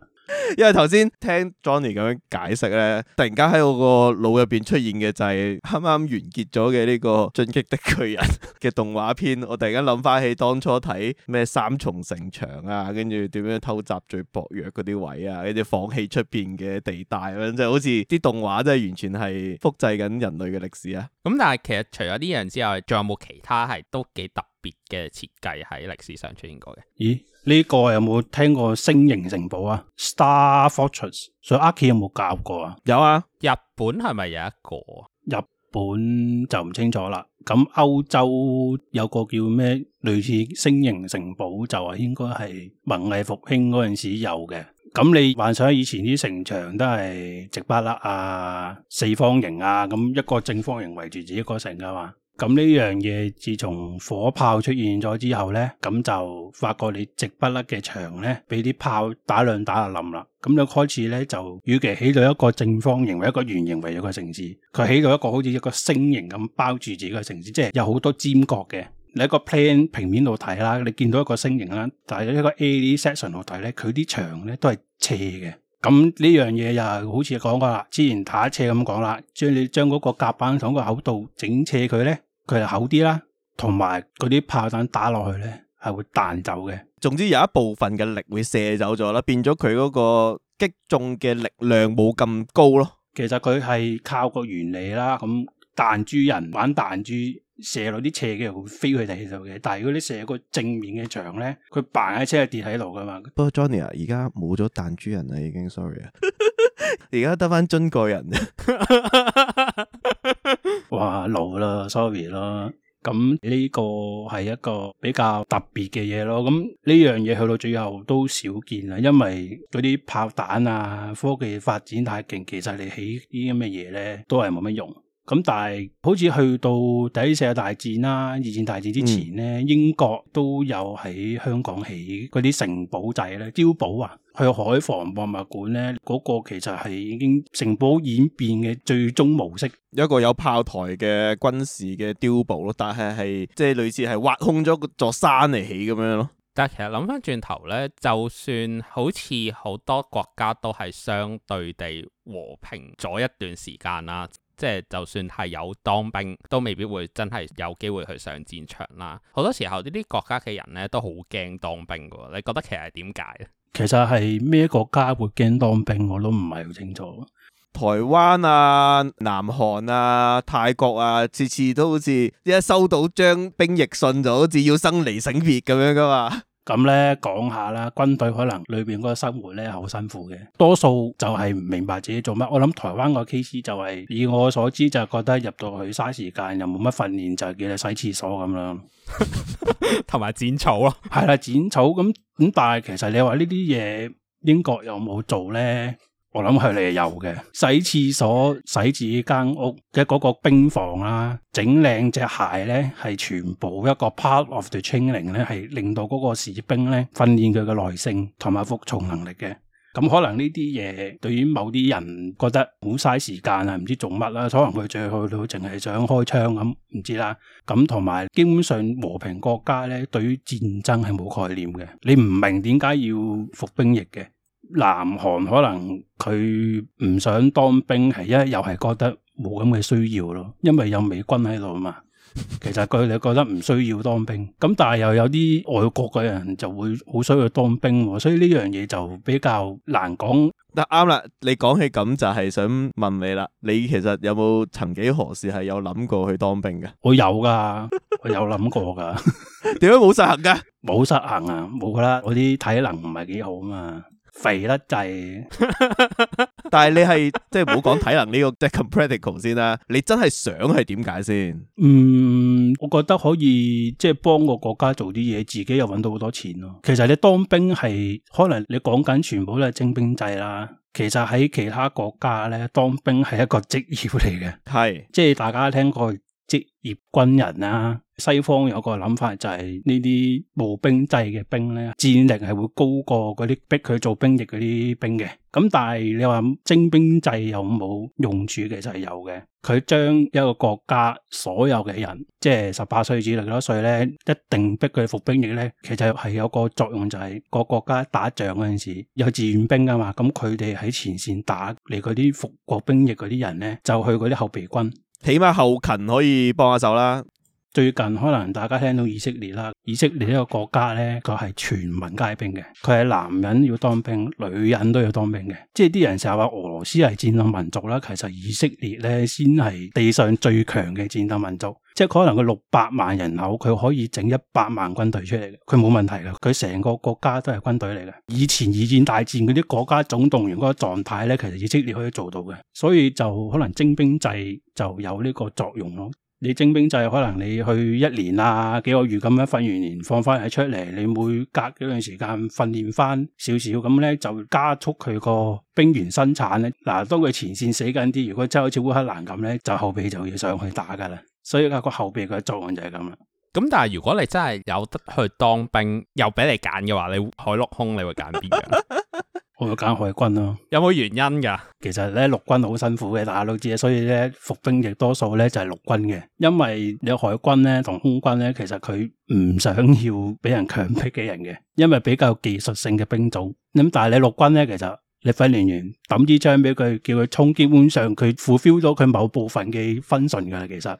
因為頭先聽 Johnny 咁樣解釋咧，突然間喺我個腦入邊出現嘅就係啱啱完結咗嘅呢個進擊的巨人嘅動畫片，我突然間諗翻起當初睇咩三重城牆啊，跟住點樣偷襲最薄弱嗰啲位啊，跟住放棄出邊嘅地帶咁，即係好似啲動畫真係完全係複製緊人類嘅歷史啊！咁、嗯、但係其實除咗呢樣之外，仲有冇其他係都幾特別？別嘅設計喺歷史上出現過嘅。咦？呢個有冇聽過星形城堡啊？Star Fortress、so。所以阿 K 有冇教過啊？有啊。日本係咪有一個？日本就唔清楚啦。咁歐洲有個叫咩類似星形城堡，就係應該係文藝復興嗰陣時有嘅。咁你幻想以前啲城牆都係直巴勒啊，四方形啊，咁一個正方形圍住自己一個城噶嘛？咁呢樣嘢，自從火炮出現咗之後呢，咁就發覺你直筆甩嘅牆咧，俾啲炮打兩打就冧啦。咁樣開始呢，就與其起到一個正方形或一個圓形圍住個城市，佢起到一個好似一個星形咁包住自己嘅城市，即係有好多尖角嘅。你喺個 plan 平面度睇啦，你見到一個星形啦，但係喺一個 a section 度睇咧，佢啲牆咧都係斜嘅。咁呢樣嘢就好似講過啦，之前打斜咁講啦，將你將嗰個甲板同個厚度整斜佢呢。佢係厚啲啦，同埋嗰啲炮彈打落去咧，係會彈走嘅。總之有一部分嘅力會射走咗啦，變咗佢嗰個擊中嘅力量冇咁高咯。其實佢係靠個原理啦，咁彈珠人玩彈珠射落啲斜嘅就會飛去第二度嘅，但係如果啲射個正面嘅牆咧，佢扮喺車係跌喺度噶嘛。不過 Johnny，而家冇咗彈珠人啦，已經 sorry 啊，而家得翻樽蓋人。 哇老啦，sorry 啦，咁呢個係一個比較特別嘅嘢咯，咁呢樣嘢去到最後都少見啦，因為嗰啲炮彈啊，科技發展太勁，其實你起啲咁嘅嘢咧，都係冇乜用。咁但係好似去到第一次世界大戰啦、二戰大戰之前咧，嗯、英國都有喺香港起嗰啲城堡仔咧、碉堡啊，去海防博物館咧，嗰、嗰個其實係已經城堡演變嘅最終模式，一個有炮台嘅軍事嘅碉堡咯。但係係即係類似係挖空咗座山嚟起咁樣咯。但係其實諗翻轉頭咧，就算好似好多國家都係相對地和平咗一段時間啦。即係就算係有當兵，都未必會真係有機會去上戰場啦。好多時候呢啲國家嘅人咧，都好驚當兵嘅。你覺得其實係點解咧？其實係咩國家會驚當兵，我都唔係好清楚。台灣啊、南韓啊、泰國啊，次次都好似一收到張兵役信，就好似要生離死別咁樣噶嘛。 咁咧講下啦，軍隊可能裏邊嗰個生活咧好辛苦嘅，多數就係唔明白自己做乜。我諗台灣個 case 就係、是，以我所知就係覺得入到去嘥時間，又冇乜訓練，就係叫你洗廁所咁樣，同埋 剪草咯。係啦， 剪草咁咁，但係其實你話呢啲嘢，英國有冇做咧？我諗佢哋有嘅，洗廁所、洗自己間屋嘅嗰個兵房啦，整靚隻鞋咧，係全部一個 part of the training 咧，係令到嗰個士兵咧訓練佢嘅耐性同埋服從能力嘅。咁可能呢啲嘢對於某啲人覺得好嘥時間啊，唔知做乜啦，可能佢最後都淨係想開槍咁，唔知啦。咁同埋基本上和平國家咧，對於戰爭係冇概念嘅，你唔明點解要服兵役嘅。南韓可能佢唔想當兵，係因為又係覺得冇咁嘅需要咯，因為有美軍喺度啊嘛。其實佢哋覺得唔需要當兵，咁但係又有啲外國嘅人就會好想去當兵，所以呢樣嘢就比較難講。得啱啦，你講起咁就係想問你啦，你其實有冇曾幾何時係有諗過去當兵嘅？我有噶 ，我有諗過噶，點解冇實行噶？冇實行啊，冇噶啦，我啲體能唔係幾好啊嘛。肥得滯，但係你係即係唔好講體能呢個即係 comprehensive 先啦。你真係想係點解先？嗯，我覺得可以即係幫個國家做啲嘢，自己又搵到好多錢咯。其實你當兵係可能你講緊全部都係徵兵制啦。其實喺其他國家咧，當兵係一個職業嚟嘅，係是即係大家聽過職業軍人啊。西方有個諗法就係呢啲募兵制嘅兵咧，戰力係會高過嗰啲逼佢做兵役嗰啲兵嘅。咁但係你話徵兵制有冇用處？其實係有嘅。佢將一個國家所有嘅人，即係十八歲至到幾多歲咧，一定逼佢服兵役咧。其實係有個作用，就是，就係個國家打仗嗰陣時有志願兵噶嘛。咁佢哋喺前線打，你嗰啲服國兵役嗰啲人咧，就去嗰啲後備軍，起碼後勤可以幫下手啦。最近可能大家聽到以色列啦，以色列呢個國家呢，佢係全民皆兵嘅，佢係男人要當兵，女人都要當兵嘅。即係啲人成日話俄羅斯係戰鬥民族啦，其實以色列呢，先係地上最強嘅戰鬥民族。即係可能佢六百萬人口，佢可以整一百萬軍隊出嚟嘅。佢冇問題嘅。佢成個國家都係軍隊嚟嘅。以前二戰大戰嗰啲國家總動員嗰個狀態呢，其實以色列可以做到嘅。所以就可能徵兵制就有呢個作用咯。你徵兵制可能你去一年啊，幾個月咁樣訓完年，放翻喺出嚟，你每隔幾段時間訓練翻少少咁咧，就加速佢個兵員生產咧。嗱、啊，當佢前線死緊啲，如果真係好似烏克蘭咁咧，就後備就要上去打噶啦。所以咧、啊，個後備嘅作用就係咁啦。咁但係如果你真係有得去當兵，又俾你揀嘅話，你海陸空你會揀邊樣？ 我會揀海軍咯，有冇原因㗎？其實咧，陸軍好辛苦嘅，大家都知道。所以咧，服兵役多數咧就係陸軍嘅，因為你海軍咧同空軍咧，其實佢唔想要俾人強迫嘅人嘅，因為比較技術性嘅兵種。咁但係你陸軍呢，其實。你訓練完抌支槍俾佢，叫佢衝，基本上佢 fulfil 咗佢某部分嘅分寸噶啦。其實，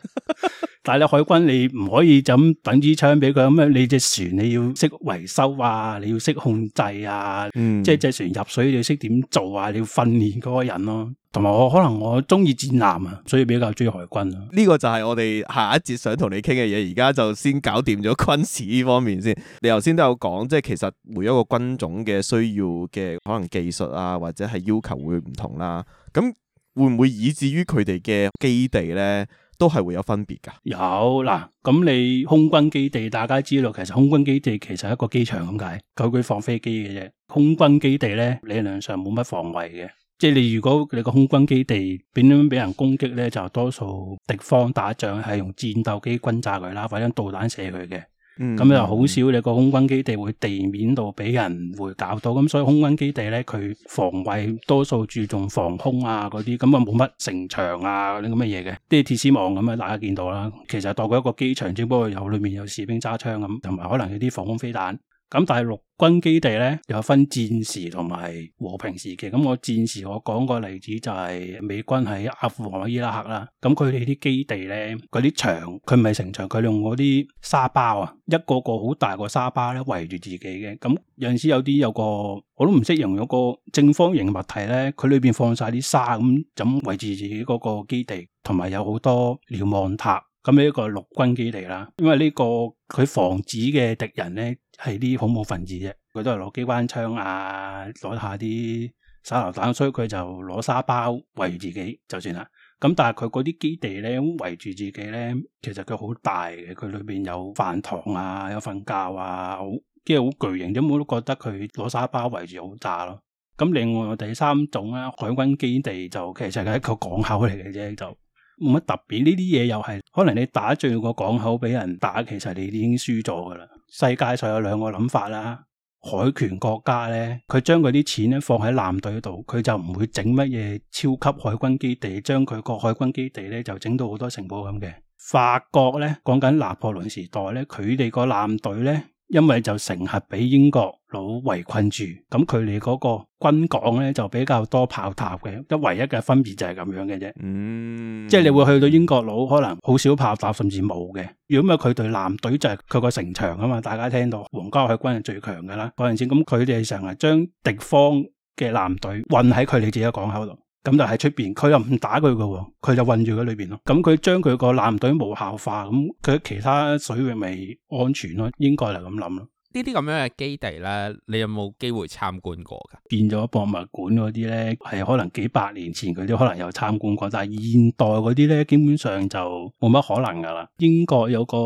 但係你海軍你唔可以就咁抌支槍俾佢咁樣，你隻船你要識維修啊，你要識控制啊，嗯，即係隻船入水你要識點做啊，你要訓練嗰個人咯。同埋我可能我中意戰艦啊，所以比較中意海軍。呢個就係我哋下一節想同你傾嘅嘢。而家就先搞掂咗軍事呢方面先。你頭先都有講，即係其實每一個軍種嘅需要嘅可能技術啊，或者係要求會唔同啦，啊。咁會唔會以至於佢哋嘅基地呢？都係會有分別噶？有嗱，咁你空軍基地大家知道，其實空軍基地其實係一個機場咁解，究竟放飛機嘅啫。空軍基地呢，理論上冇乜防衛嘅。即係你，如果你個空軍基地點樣俾人攻擊咧？就多數敵方打仗係用戰鬥機轟炸佢啦，或者用導彈射佢嘅。咁、嗯嗯嗯、就好少你個空軍基地會地面度俾人會搞到。咁所以空軍基地咧，佢防衛多數注重防空啊嗰啲，咁啊冇乜城牆啊啲咁嘅嘢嘅，即係鐵絲網咁啊，大家見到啦。其實當佢一個機場，只不過有裏面有士兵揸槍咁，同埋可能有啲防空飛彈。咁但係陸軍基地咧又分戰時同埋和平時期。咁我戰時我講個例子就係美軍喺阿富汗或伊拉克啦。咁佢哋啲基地咧，嗰啲牆佢唔係城牆，佢用嗰啲沙包啊，一個個好大個沙包咧圍住自己嘅。咁有陣時有啲有個我都唔識形容，有個正方形物體咧，佢裏邊放晒啲沙咁，咁圍住自己嗰個基地，同埋有好多瞭望塔。咁呢一個陸軍基地啦，因為呢個佢防止嘅敵人咧係啲恐怖分子啫，佢都係攞機關槍啊，攞下啲手榴彈，所以佢就攞沙包圍住自己就算啦。咁但係佢嗰啲基地咧圍住自己咧，其實佢好大嘅，佢裏邊有飯堂啊，有瞓覺啊，好即係好巨型，咁我都覺得佢攞沙包圍住好炸咯。咁另外第三種啦，海軍基地就其實係一個港口嚟嘅啫，就。冇乜特別，呢啲嘢又係可能你打住個港口俾人打，其實你已經輸咗噶啦。世界上有兩個諗法啦，海權國家咧，佢將佢啲錢咧放喺艦隊度，佢就唔會整乜嘢超級海軍基地，將佢個海軍基地咧就整到好多城堡咁嘅。法國咧，講緊拿破崙時代咧，佢哋個艦隊咧，因為就成核俾英國老圍困住，咁佢哋嗰個軍港咧就比較多炮塔嘅，一唯一嘅分別就係咁樣嘅啫。嗯，即係你會去到英國佬，可能好少炮塔，甚至冇嘅。如果咩佢對艦隊就係佢個城牆啊嘛，大家聽到皇家海軍係最強噶啦嗰陣時，咁佢哋成日將敵方嘅艦隊困喺佢哋自己港口度，咁就喺出邊，佢又唔打佢噶，佢就困住佢裏邊咯。咁佢將佢個艦隊無效化，咁佢其他水域咪安全咯，應該係咁諗咯。呢啲咁樣嘅基地咧，你有冇機會參觀過噶？變咗博物館嗰啲咧，係可能幾百年前佢都可能有參觀過，但係現代嗰啲咧，基本上就冇乜可能噶啦。英國有個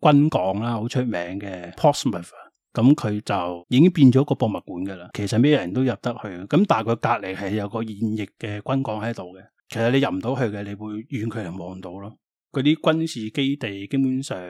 軍港啦，好出名嘅 Portsmouth，咁佢、嗯、就已經變咗個博物館噶啦。其實咩人都入得去，咁但係佢隔籬係有個現役嘅軍港喺度嘅，其實你入唔到去嘅，你會遠距離望到咯。嗰啲軍事基地基本上。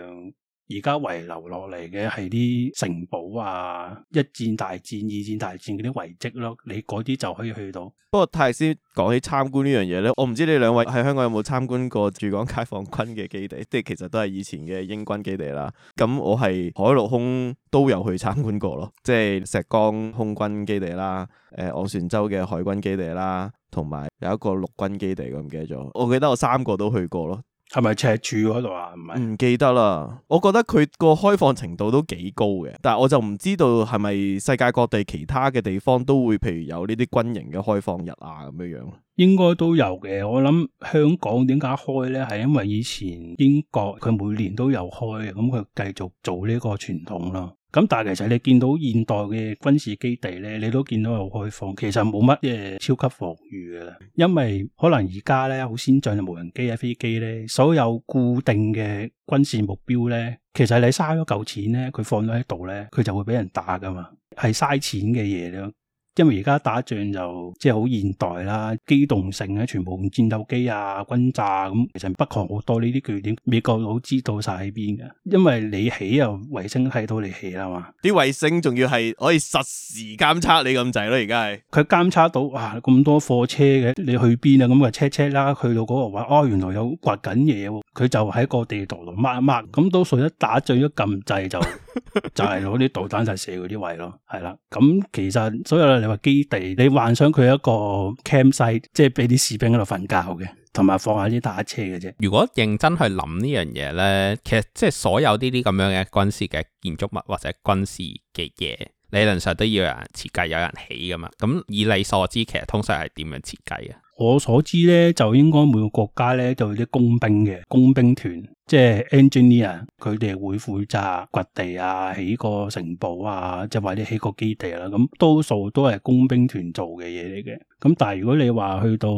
而家遺留落嚟嘅係啲城堡啊、一戰大戰、二戰大戰嗰啲遺跡咯，你嗰啲就可以去到。不過泰斯講起參觀呢樣嘢咧，我唔知你兩位喺香港有冇參觀過駐港解放軍嘅基地，即係其實都係以前嘅英軍基地啦。咁我係海陸空都有去參觀過咯，即係石崗空軍基地啦、誒昂船洲嘅海軍基地啦，同埋有，有一個陸軍基地，我唔記得咗。我記得我三個都去過咯。係咪赤柱嗰度啊？唔係。唔記得啦，我覺得佢個開放程度都幾高嘅，但係我就唔知道係咪世界各地其他嘅地方都會，譬如有呢啲軍營嘅開放日啊咁樣樣。應該都有嘅，我諗香港點解開呢？係因為以前英國佢每年都有開，咁佢繼續做呢個傳統囉。咁但係其實你見到現代嘅軍事基地呢，你都見到好開放，其實冇乜嘢超級防禦㗎喇。因為可能而家呢，好先進嘅無人機啊、飛機呢，所有固定嘅軍事目標呢，其實你嘥咗嚿錢呢，佢放咗喺度呢，佢就會俾人打㗎嘛，係嘥錢嘅嘢咯。因為而家打仗就即係好現代啦，機動性全部用戰鬥機啊、軍炸咁、嗯，其實北韓好多呢啲據點，美國佬知道晒喺邊嘅。因為你起又衛星睇到你起啦嘛，啲衛星仲要係可以實時監測你咁滯咯，而家係佢監測到哇咁多貨車嘅，你去邊啊？咁啊車車啦，去到嗰個位，哦原來有掘緊嘢，佢就喺個地圖度抹一抹，咁都隨一打仗一撳掣就。 就係攞啲導彈就射嗰啲位咯，係啦。咁其實所有你話基地，你幻想，佢一個 camp site 即係俾啲士兵喺度瞓覺嘅，同埋放下啲坦克車嘅啫。如果認真去諗呢樣嘢咧，其實即係所有呢啲咁樣嘅軍事嘅建築物或者軍事嘅嘢，理論上都要有人設計、有人起噶嘛。咁以你所知，其實通常係點樣設計啊？我所知呢，就應該每個國家呢，都有啲工兵嘅工兵團，即係 engineer，佢哋會負責掘地啊，起個城堡啊，即係或者起個基地啦、啊。咁多數都係工兵團做嘅嘢嚟嘅。咁但係如果你話去到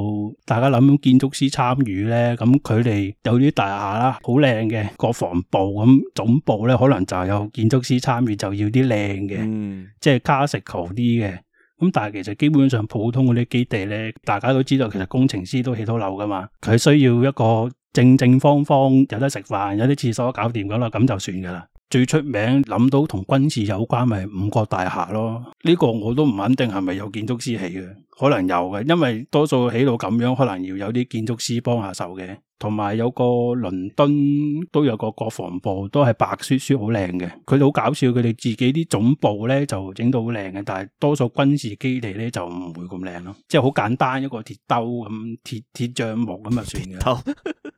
大家諗建築師參與呢，咁佢哋有啲大廈啦，好靚嘅國防部咁總部呢，可能就有建築師參與，就要啲靚嘅，嗯、即係 classical 啲嘅。咁但係其實基本上普通嗰啲基地呢，大家都知道其實工程師都起到樓㗎嘛，佢需要一個正正方方有得食飯、有啲廁所搞掂㗎喇，咁就算㗎喇。最出名諗到同軍事有關，咪五角大廈咯？呢個我都唔肯定係咪有建築師起嘅，可能有嘅，因為多數起到咁樣，可能要有啲建築師幫下手嘅。同埋有個倫敦都有個國防部，都係白雪雪好靚嘅。佢好搞笑，佢哋自己啲總部呢就整到好靚嘅，但係多數軍事基地呢就唔會咁靚咯。即係好簡單一個鐵兜咁，鐵鐵帳幕咁啊算嘅。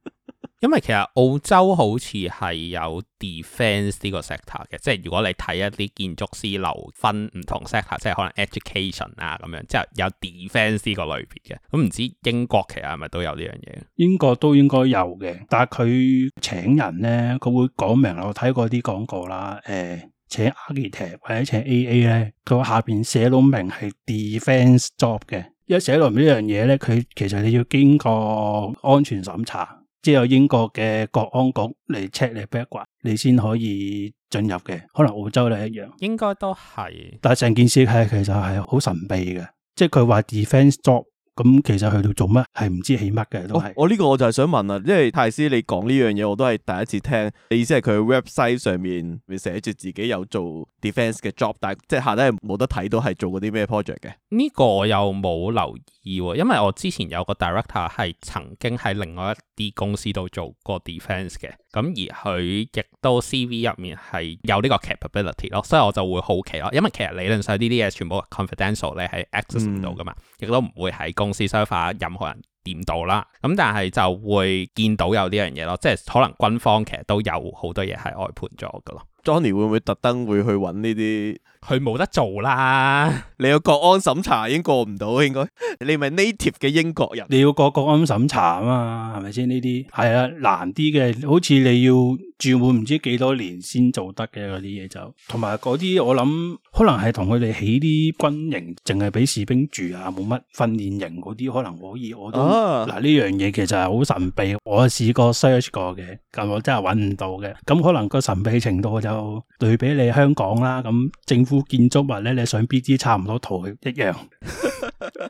因為其實澳洲好似係有 defense 呢個 sector 嘅，即係如果你睇一啲建築師樓分唔同 sector，即係可能 education 啊咁樣，即係有 defense 呢個類別嘅，咁唔知英國其實係咪都有呢樣嘢？英國都應該有嘅，但係佢請人咧，佢會講明我睇過啲廣告啦，誒、呃，請 architect 或者請 AA 咧，佢下邊寫到明係 defense job 嘅，因為寫落呢樣嘢咧，佢其實你要經過安全審查。只有英國嘅國安局嚟 check 你 background，你先可以進入嘅。可能澳洲都一樣，應該都係。但係成件事係其實係好神秘嘅，即係佢話 defense job。咁其實去到做乜係唔知起乜嘅都係。我呢個我就係想問啦，因為泰師你講呢樣嘢我都係第一次聽。你意思係佢 website 上面會寫住自己有做 defense 嘅 job，但係即係下底係冇得睇到係做過啲咩 project 嘅？呢個我又冇留意喎，因為我之前有個 director 係曾經喺另外一啲公司度做過 defense 嘅。咁而佢亦都 C.V. 入面係有呢個 capability 咯，所以我就會好奇咯，因為其實理論上呢啲嘢全部 confidential 咧係 access 唔到噶嘛、嗯，亦都唔會喺公司 server 任何人掂到啦。咁但係就會見到有呢樣嘢咯，即係可能軍方其實都有好多嘢係外判咗噶咯。Johnny 會唔會特登會去揾呢啲？佢冇得做啦，你要國安審查已經過唔到，應該你咪 native 嘅英國人，你要過國安審查啊嘛，係咪先呢啲？係啊，難啲嘅，好似你要住滿唔知幾多年先做得嘅嗰啲嘢就，同埋嗰啲我諗可能係同佢哋起啲軍營，淨係俾士兵住啊，冇乜訓練營嗰啲可能可以，我都嗱呢樣嘢其實係好神秘，我試過 search 過嘅，咁我真係搵唔到嘅，咁可能個神秘程度就對比你香港啦，咁政府。建築物咧，你想 B G 差唔多同佢一樣，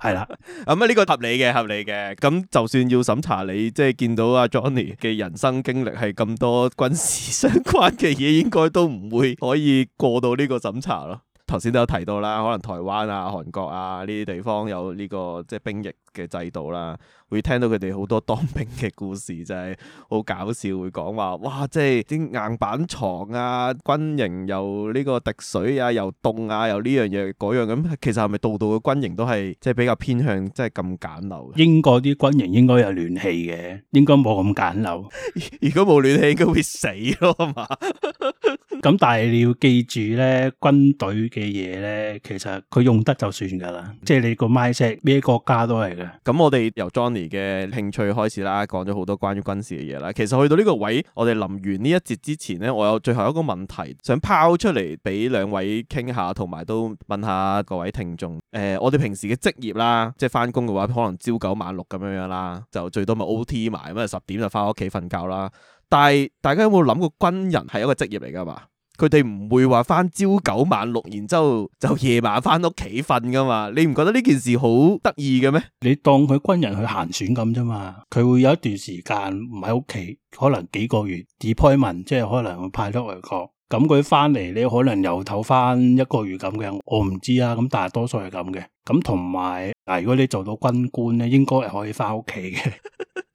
係啦。咁啊，呢個合理嘅，合理嘅。咁就算要審查你，即係見到阿、啊、Johnny 嘅人生經歷係咁多軍事相關嘅嘢，應該都唔會可以過到呢個審查咯。頭先都有提到啦，可能台灣啊、韓國啊呢啲地方有呢、這個即係兵役，嘅制度啦，會聽到佢哋好多當兵嘅故事，就係好搞笑。會講話，哇！即係啲硬板床啊，軍營又呢個滴水啊，又凍啊，又呢樣嘢嗰樣咁。其實係咪度度嘅軍營都係即係比較偏向即係咁簡陋？英國啲軍營應該有暖氣嘅，應該冇咁簡陋。如果冇暖氣，應該會死咯，嘛？咁但係你要記住咧，軍隊嘅嘢咧，其實佢用得就算㗎啦。即係你個 myself 咩國家都係。咁我哋由 Johnny 嘅興趣開始啦，講咗好多關於軍事嘅嘢啦。其實去到呢個位，我哋臨完呢一節之前咧，我有最後一個問題想拋出嚟俾兩位傾下，同埋都問下各位聽眾。誒、呃，我哋平時嘅職業啦，即係返工嘅話，可能朝九晚六咁樣樣啦，就最多咪 OT 埋，咁啊十點就返屋企瞓覺啦。但係大家有冇諗過軍人係一個職業嚟㗎嘛？佢哋唔會話翻朝九晚六，然之後就夜晚翻屋企瞓噶嘛？你唔覺得呢件事好得意嘅咩？你當佢軍人去行選咁啫嘛，佢會有一段時間唔喺屋企，可能幾個月 deployment，即係可能會派到外國。咁佢翻嚟你可能又唞翻一個月咁嘅，我唔知啊。咁大多數係咁嘅。咁同埋，嗱如果你做到軍官咧，應該係可以翻屋企嘅。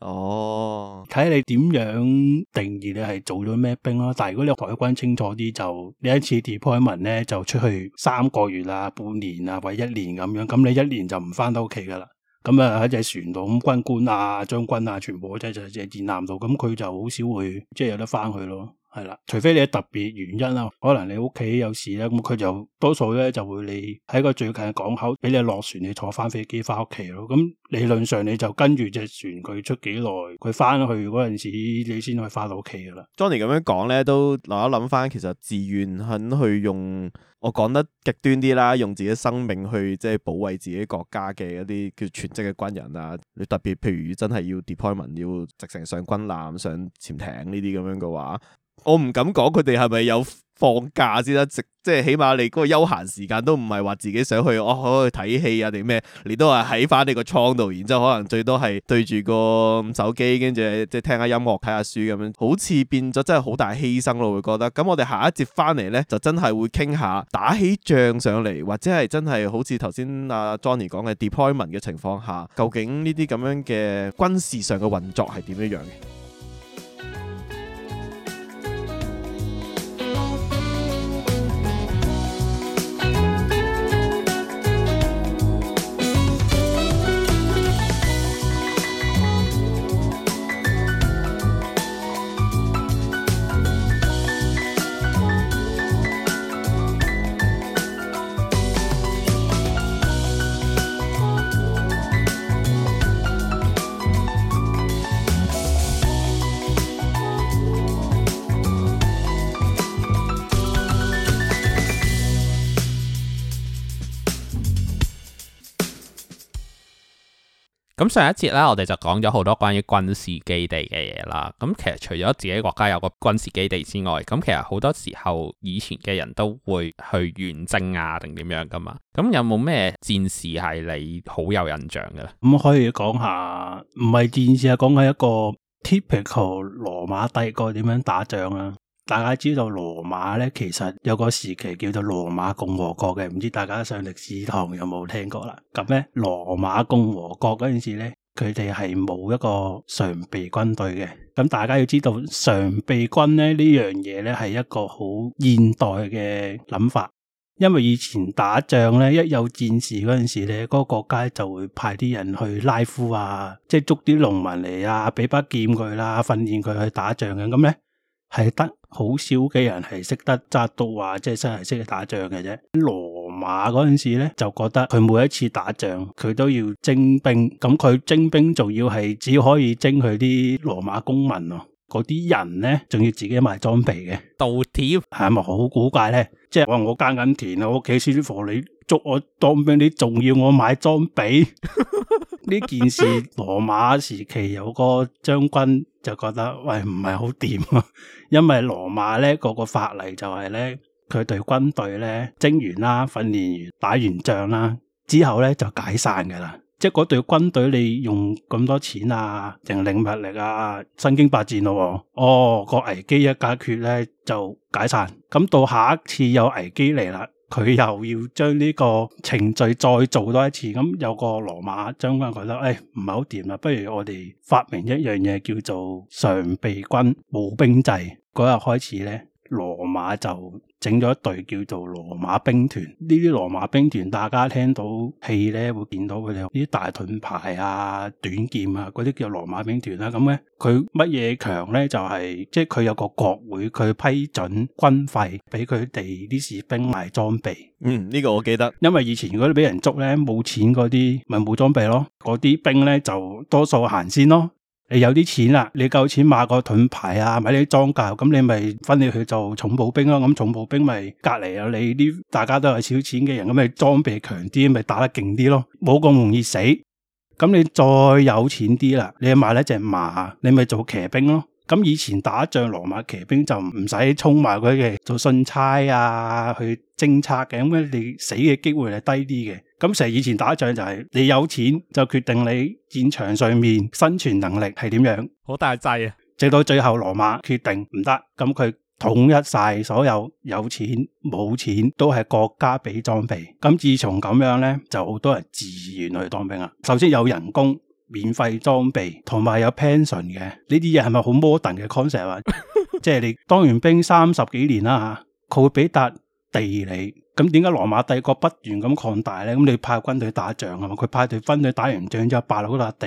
哦，睇你點樣定義你係做咗咩兵啦。但係如果你海軍清楚啲，就你一次 deployment 咧就出去三個月啊、半年啊或者一年咁樣。咁你一年就唔翻到屋企噶啦。咁啊喺隻船度，咁軍官啊、將軍啊，全部即係即係即係戰艦度，咁佢就好少會，即係有得翻去咯。係啦，除非你係特別原因咯，可能你屋企有事咧，咁、嗯、佢就多數咧就會你喺個最近嘅港口俾你落船，你坐翻飛機翻屋企咯。咁、嗯、理論上你就跟住隻船佢出幾耐，佢翻去嗰陣時你先可以翻到屋企噶啦。Johnny 咁樣講咧，都諗一諗翻，其實自願肯去用，我講得極端啲啦，用自己生命去即係保衛自己國家嘅一啲叫全職嘅軍人啊。你特別譬如真係要 deployment 要直程上軍艦、上潛艇呢啲咁樣嘅話。我唔敢講佢哋係咪有放假先得？即係起碼你嗰個休閒時間都唔係話自己想去，我、哦、可以去睇戲啊定咩，你都係喺翻你個倉度，然之後可能最多係對住個手機，跟住即係聽下音樂、睇下書咁樣，好似變咗真係好大犧牲咯，會覺得。咁我哋下一節翻嚟呢，就真係會傾下打起仗上嚟，或者係真係好似頭先阿、啊、Johnny 講嘅 deployment 嘅情況下，究竟呢啲咁樣嘅軍事上嘅運作係點樣樣嘅？咁上一節咧，我哋就講咗好多關於軍事基地嘅嘢啦。咁其實除咗自己國家有個軍事基地之外，咁其實好多時候以前嘅人都會去遠征啊，定點樣噶嘛？咁有冇咩戰士係你好有印象嘅噶？咁、嗯、可以講下，唔係戰士啊，講緊一,一個 typical 羅馬帝國點樣打仗啊？大家知道羅馬咧，其實有個時期叫做羅馬共和國嘅，唔知大家上歷史堂有冇聽過啦？咁咧，羅馬共和國嗰陣時咧，佢哋係冇一個常備軍隊嘅。咁大家要知道常備軍咧，呢樣嘢咧係一個好現代嘅諗法，因為以前打仗咧，一有戰事嗰陣時咧，嗰、嗰個國家就會派啲人去拉夫啊，即係捉啲農民嚟啊，俾把劍佢啦、啊，訓練佢去打仗嘅。咁咧係得。好少嘅人係識得揸刀啊，即係真係識得打仗嘅啫。羅馬嗰陣時咧，就覺得佢每一次打仗，佢都要徵兵，咁佢徵兵仲要係只可以徵佢啲羅馬公民哦、啊。嗰啲人咧，仲要自己買裝備嘅，倒貼，係咪好古怪咧？即係話我耕緊田啊，我屋企輸啲貨你。捉我當兵，你仲要我買裝備？呢 件事羅 馬時期有個將軍就覺得，喂唔係好掂啊， 因為羅馬呢嗰個法例就係呢，佢對軍隊呢，徵完啦、訓練完、打完仗啦之後呢就解散噶啦，即係嗰隊軍隊你用咁多錢啊、人、物力啊、身經百戰咯、哦，哦個危機一解決呢，就解散，咁到下一次有危機嚟啦。佢又要將呢個程序再做多一次，咁有個羅馬將軍覺得，誒唔係好掂啦，不如我哋發明一樣嘢叫做常備軍募兵制，嗰日開始咧，羅馬就。整咗一隊叫做羅馬兵團，呢啲羅馬兵團，大家聽到戲呢會見到佢哋呢啲大盾牌啊、短劍啊嗰啲叫羅馬兵團啦、啊。咁咧佢乜嘢強呢？就係、是，即係佢有個國會，佢批准軍費俾佢哋啲士兵買裝備。嗯，呢、這個我記得，因為以前如果你俾人捉呢，冇錢嗰啲，咪冇裝備咯。嗰啲兵呢，就多數行先咯。你有啲錢啦，你夠錢買個盾牌啊，買啲裝甲，咁你咪分你去做重步兵咯。咁、嗯、重步兵咪隔籬啊，你啲大家都係少錢嘅人，咁你裝備強啲，咪打得勁啲咯，冇咁容易死。咁、嗯、你再有錢啲啦，你買一隻馬，你咪做騎兵咯。咁、嗯、以前打仗羅馬騎兵就唔使衝埋佢嘅，做信差啊，去偵察嘅，咁你死嘅機會係低啲嘅。咁成以前打仗就係你有錢就決定你戰場上面生存能力係點樣，好大制啊！直到最後羅馬決定唔得，咁佢統一晒所有有錢冇錢都係國家俾裝備。咁自從咁樣呢，就好多人自願去當兵啊。首先有人工、免費裝備同埋有 pension 嘅呢啲嘢，係咪好 modern 嘅 concept 啊？即係你當完兵三十幾年啦吓，佢會俾笪地你。咁點解羅馬帝國不斷咁擴大咧？咁你派軍隊打仗啊嘛？佢派隊軍隊打完仗之後霸落嗰笪地，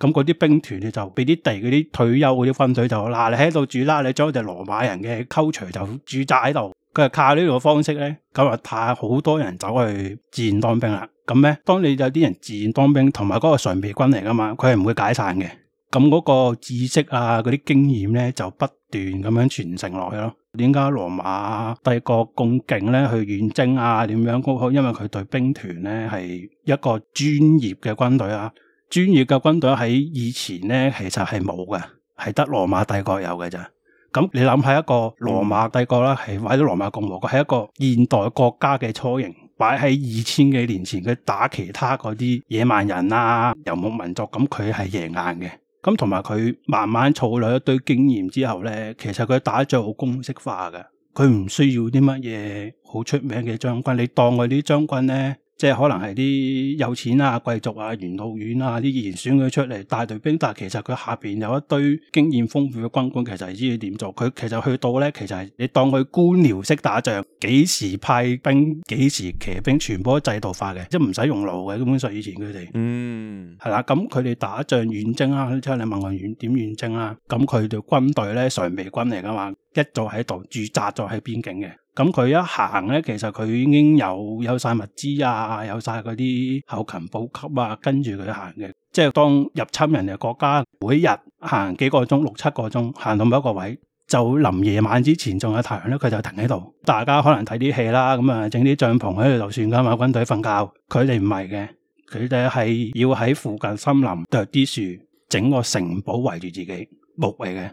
咁嗰啲兵團咧就俾啲地，嗰啲退休嗰啲軍隊就嗱你喺度住啦，你將哋羅馬人嘅溝除就駐紮喺度，佢係靠呢個方式咧，咁啊派好多人走去自願當兵啦。咁咧，當你有啲人自願當兵，同埋嗰個常備軍嚟噶嘛，佢係唔會解散嘅。咁嗰個知識啊，嗰啲經驗咧，就不斷咁樣傳承落去咯。點解羅馬帝國咁勁咧去遠征啊？點樣？因為佢對兵團咧係一個專業嘅軍隊啊，專業嘅軍隊喺以前咧其實係冇嘅，係得羅馬帝國有嘅咋。咁你諗下一個羅馬帝國咧，係或者羅馬共和國係一個現代國家嘅雛形，擺喺二千幾年前佢打其他嗰啲野蠻人啊、游牧民族，咁佢係贏硬嘅。咁同埋佢慢慢積累一堆經驗之後咧，其實佢打仗好公式化嘅，佢唔需要啲乜嘢好出名嘅將軍，你當我哋啲將軍咧。即係可能係啲有錢啊、貴族啊、元老院啊啲議員選舉出嚟帶隊兵，但係其實佢下邊有一堆經驗豐富嘅軍官，其實係知佢點做。佢其實去到咧，其實係你當佢官僚式打仗，幾時派兵、幾時騎兵，兵，全部都制度化嘅，即係唔使用腦嘅。基本上以前佢哋，嗯，係啦。咁佢哋打仗遠征啊，即係你問我遠點遠征啦。咁佢哋軍隊咧，常備軍嚟噶嘛，一早喺度駐紮咗喺邊境嘅。咁佢一行咧，其實佢已經有有曬物資啊，有晒嗰啲後勤補給啊，跟住佢行嘅。即係當入侵人哋國家，每日行幾個鐘，六七個鐘，行到某一個位，就臨夜晚之前仲有太陽咧，佢就停喺度。大家可能睇啲戲啦，咁啊整啲帳篷喺度就算㗎啦嘛，軍隊瞓覺。佢哋唔係嘅，佢哋係要喺附近森林剁啲樹，整個城堡圍住自己木嚟嘅。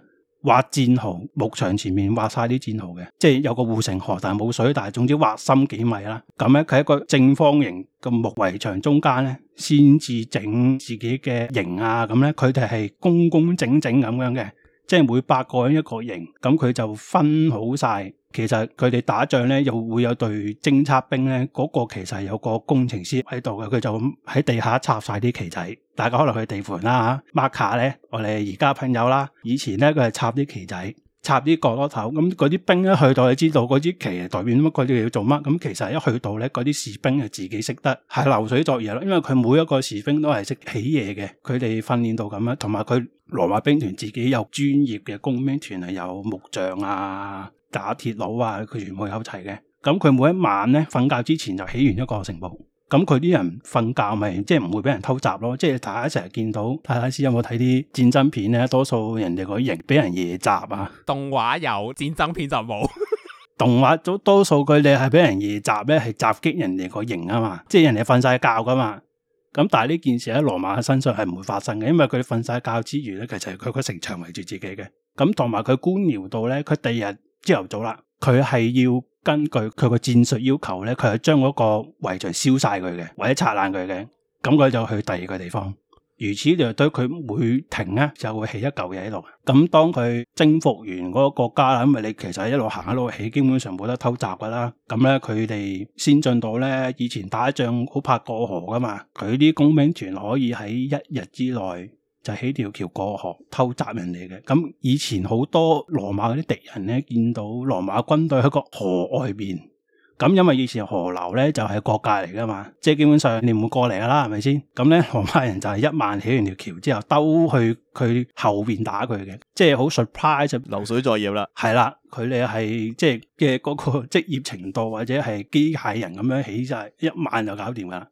畫戰壕，木牆前面畫晒啲戰壕嘅，即有個護城河，但係冇水，但係總之挖深幾米啦。咁咧，佢一個正方形嘅木圍牆中間咧，先至整自己嘅營啊。咁呢，佢哋係公公整整咁樣嘅。即係每八個人一個營，咁佢就分好晒。其實佢哋打仗咧，又會有隊偵察兵咧，嗰、嗰個其實有個工程師喺度嘅。佢就喺地下插晒啲旗仔，大家可能去地盤啦吓，mark 下咧。我哋而家朋友啦，以前咧佢係插啲旗仔。插啲角落頭，咁嗰啲兵一去到，你知道嗰支旗代表乜，佢哋要做乜？咁其實一去到咧，嗰啲士兵啊自己識得係流水作業咯，因為佢每一個士兵都係識起嘢嘅，佢哋訓練到咁樣。同埋佢羅馬兵團自己有專業嘅工兵團，係有木匠啊、打鐵佬啊，佢全部有齊嘅。咁佢每一晚咧瞓覺之前就起完一個城堡。咁佢啲人瞓覺咪即係唔會俾人偷襲咯，即係大家一齊見到，睇下先有冇睇啲戰爭片咧？多數人哋個營俾人夜襲啊，動畫有戰爭片就冇。 動畫多多數佢哋係俾人夜襲咧，係襲擊人哋個營啊嘛，即係人哋瞓晒覺噶嘛。咁但係呢件事喺羅馬嘅身上係唔會發生嘅，因為佢瞓晒覺之餘咧，其實佢個城牆圍住自己嘅。咁同埋佢官僚度咧，佢第二日朝頭早啦，佢係要。根據佢個戰術要求咧，佢係將嗰個圍牆燒晒佢嘅，或者拆爛佢嘅，咁佢就去第二個地方。如此就對佢每停啊，就會起一舊嘢喺度。咁當佢征服完嗰個國家啦，咁啊你其實一路行一路起，基本上冇得偷襲噶啦。咁咧佢哋先進到咧，以前打仗好怕過河噶嘛，佢啲工兵團可以喺一日之內。就起條橋過河偷襲人哋嘅，咁以前好多羅馬嗰啲敵人咧，見到羅馬軍隊喺個河外邊，咁因為以前河流咧就係國界嚟噶嘛，即係基本上你唔會過嚟噶啦，係咪先？咁咧，羅馬人就係一晚起完條橋之後，兜去佢後邊打佢嘅，即係好 surprise 流水作業啦，係啦，佢哋係即係嘅嗰個職業程度或者係機械人咁樣起晒，一晚就搞掂噶啦。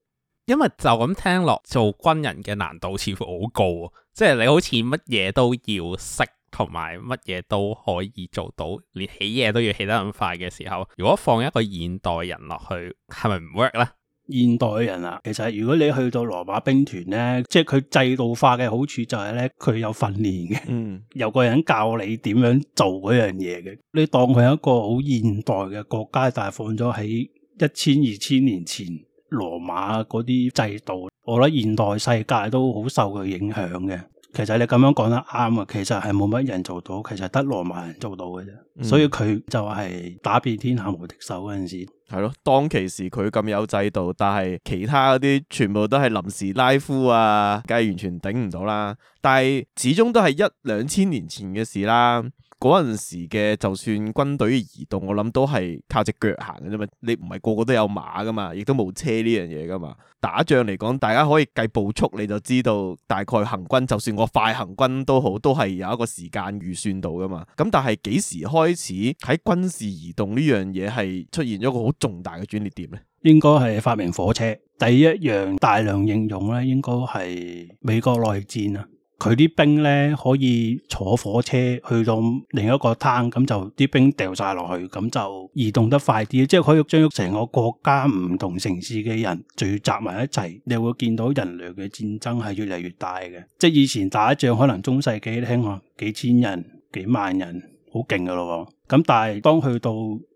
因為就咁聽落做軍人嘅難度似乎好高啊，即係你好似乜嘢都要識，同埋乜嘢都可以做到，連起嘢都要起得咁快嘅時候，如果放一個現代人落去，係咪唔 work 咧？現代人啊，其實如果你去到羅馬兵團呢，即係佢制度化嘅好處就係呢，佢有訓練嘅，嗯、有個人教你點樣做嗰樣嘢嘅。你當佢係一個好現代嘅國家，但係放咗喺一千二千年前。羅馬嗰啲制度，我覺得現代世界都好受佢影響嘅。其實你咁樣講得啱啊，其實係冇乜人做到，其實得羅馬人做到嘅啫。嗯、所以佢就係打遍天下無敵手嗰陣時，係咯、嗯。當其時佢咁有制度，但係其他嗰啲全部都係臨時拉夫啊，梗係完全頂唔到啦。但係始終都係一兩千年前嘅事啦。嗰陣時嘅就算軍隊移動，我諗都係靠隻腳行嘅啫嘛。你唔係個個都有馬噶嘛，亦都冇車呢樣嘢噶嘛。打仗嚟講，大家可以計步速，你就知道大概行軍，就算我快行軍都好，都係有一個時間預算到噶嘛。咁但係幾時開始喺軍事移動呢樣嘢係出現咗一個好重大嘅轉捩點呢？應該係發明火車第一樣大量應用咧，應該係美國內戰啊。佢啲兵咧可以坐火車去到另一個灘，咁就啲兵掉晒落去，咁就移動得快啲，即係可以將成個國家唔同城市嘅人聚集埋一齊。你會見到人類嘅戰爭係越嚟越大嘅。即係以前打仗可能中世紀聽講幾千人、幾萬人，好勁噶咯。咁但係當去到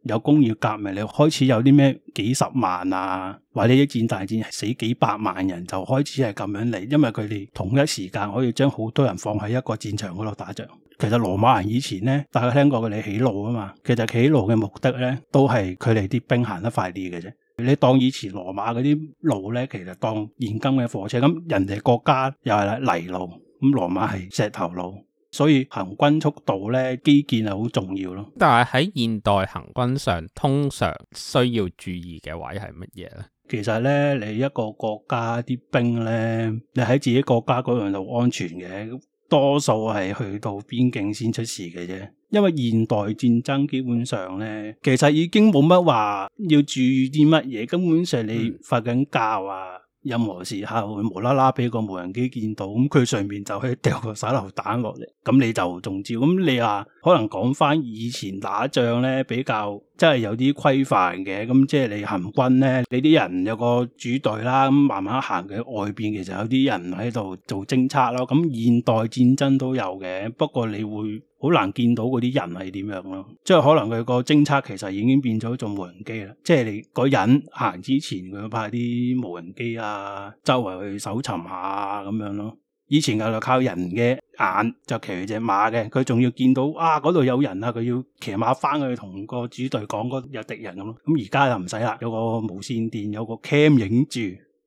有工業革命，你開始有啲咩幾十萬啊，或者一戰大戰死幾百萬人，就開始係咁樣嚟，因為佢哋同一時間可以將好多人放喺一個戰場嗰度打仗。其實羅馬人以前呢，大家聽過佢哋起路啊嘛，其實起路嘅目的咧，都係佢哋啲兵行得快啲嘅啫。你當以前羅馬嗰啲路咧，其實當現今嘅火車，咁人哋國家又係泥路，咁羅馬係石頭路。所以行軍速度咧，基建係好重要咯。但係喺現代行軍上，通常需要注意嘅位係乜嘢咧？其實咧，你一個國家啲兵咧，你喺自己國家嗰樣就安全嘅，多數係去到邊境先出事嘅啫。因為現代戰爭基本上咧，其實已經冇乜話要注意啲乜嘢，根本上你發緊教啊。任何時候會無啦啦畀個無人機見到，咁佢上面就可以掉個手榴彈落嚟，咁你就中招。咁你話可能講翻以前打仗咧比較。即係有啲規範嘅，咁、嗯、即係你行軍咧，你啲人有個主隊啦，咁、嗯、慢慢行嘅外邊，其實有啲人喺度做偵測咯。咁、嗯、現代戰爭都有嘅，不過你會好難見到嗰啲人係點樣咯。即係可能佢個偵測其實已經變咗做種無人機啦。即係你個人行之前，佢派啲無人機啊，周圍去搜尋下咁樣咯。以前係就靠人嘅眼就騎隻馬嘅，佢仲要見到啊，嗰度有人啊，佢要騎馬翻去同個主隊講嗰有敵人咁咯。咁而家就唔使啦，有個無線電，有個 cam 影住，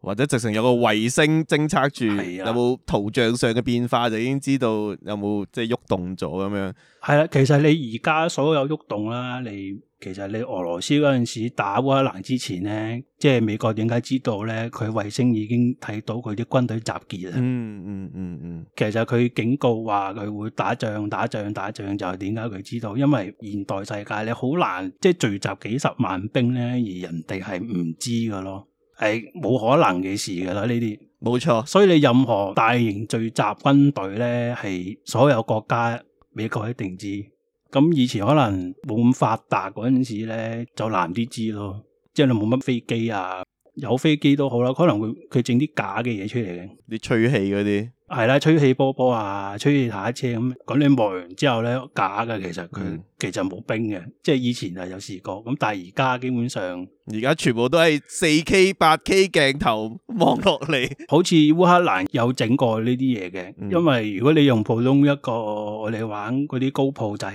或者直情有個衛星偵察住，啊、有冇圖像上嘅變化就已經知道有冇即係喐動咗咁樣。係啦、啊，其實你而家所有喐動啦，你。其實你俄羅斯嗰陣時打烏克蘭之前咧，即係美國點解知道咧？佢衛星已經睇到佢啲軍隊集結啦，嗯。嗯嗯嗯嗯。嗯，其實佢警告話佢會打仗打仗打仗，就係點解佢知道？因為現代世界你好難即係聚集幾十萬兵咧，而人哋係唔知嘅咯，係冇可能嘅事噶啦。呢啲冇錯。所以你任何大型聚集軍隊咧，係所有國家美國一定知。咁以前可能冇咁發達嗰陣時咧，就難啲知咯，即係你冇乜飛機啊。有飛機都好啦，可能會佢整啲假嘅嘢出嚟嘅，你吹氣嗰啲，係啦，吹氣波波啊，吹氣坦克車咁，咁你望完之後咧，假嘅其實佢、嗯、其實冇冰嘅，即係以前係有試過，咁但係而家基本上，而家全部都係四 K、八 K 鏡頭望落嚟， 好似烏克蘭有整過呢啲嘢嘅，嗯、因為如果你用普通一個我哋玩嗰啲高鋪仔，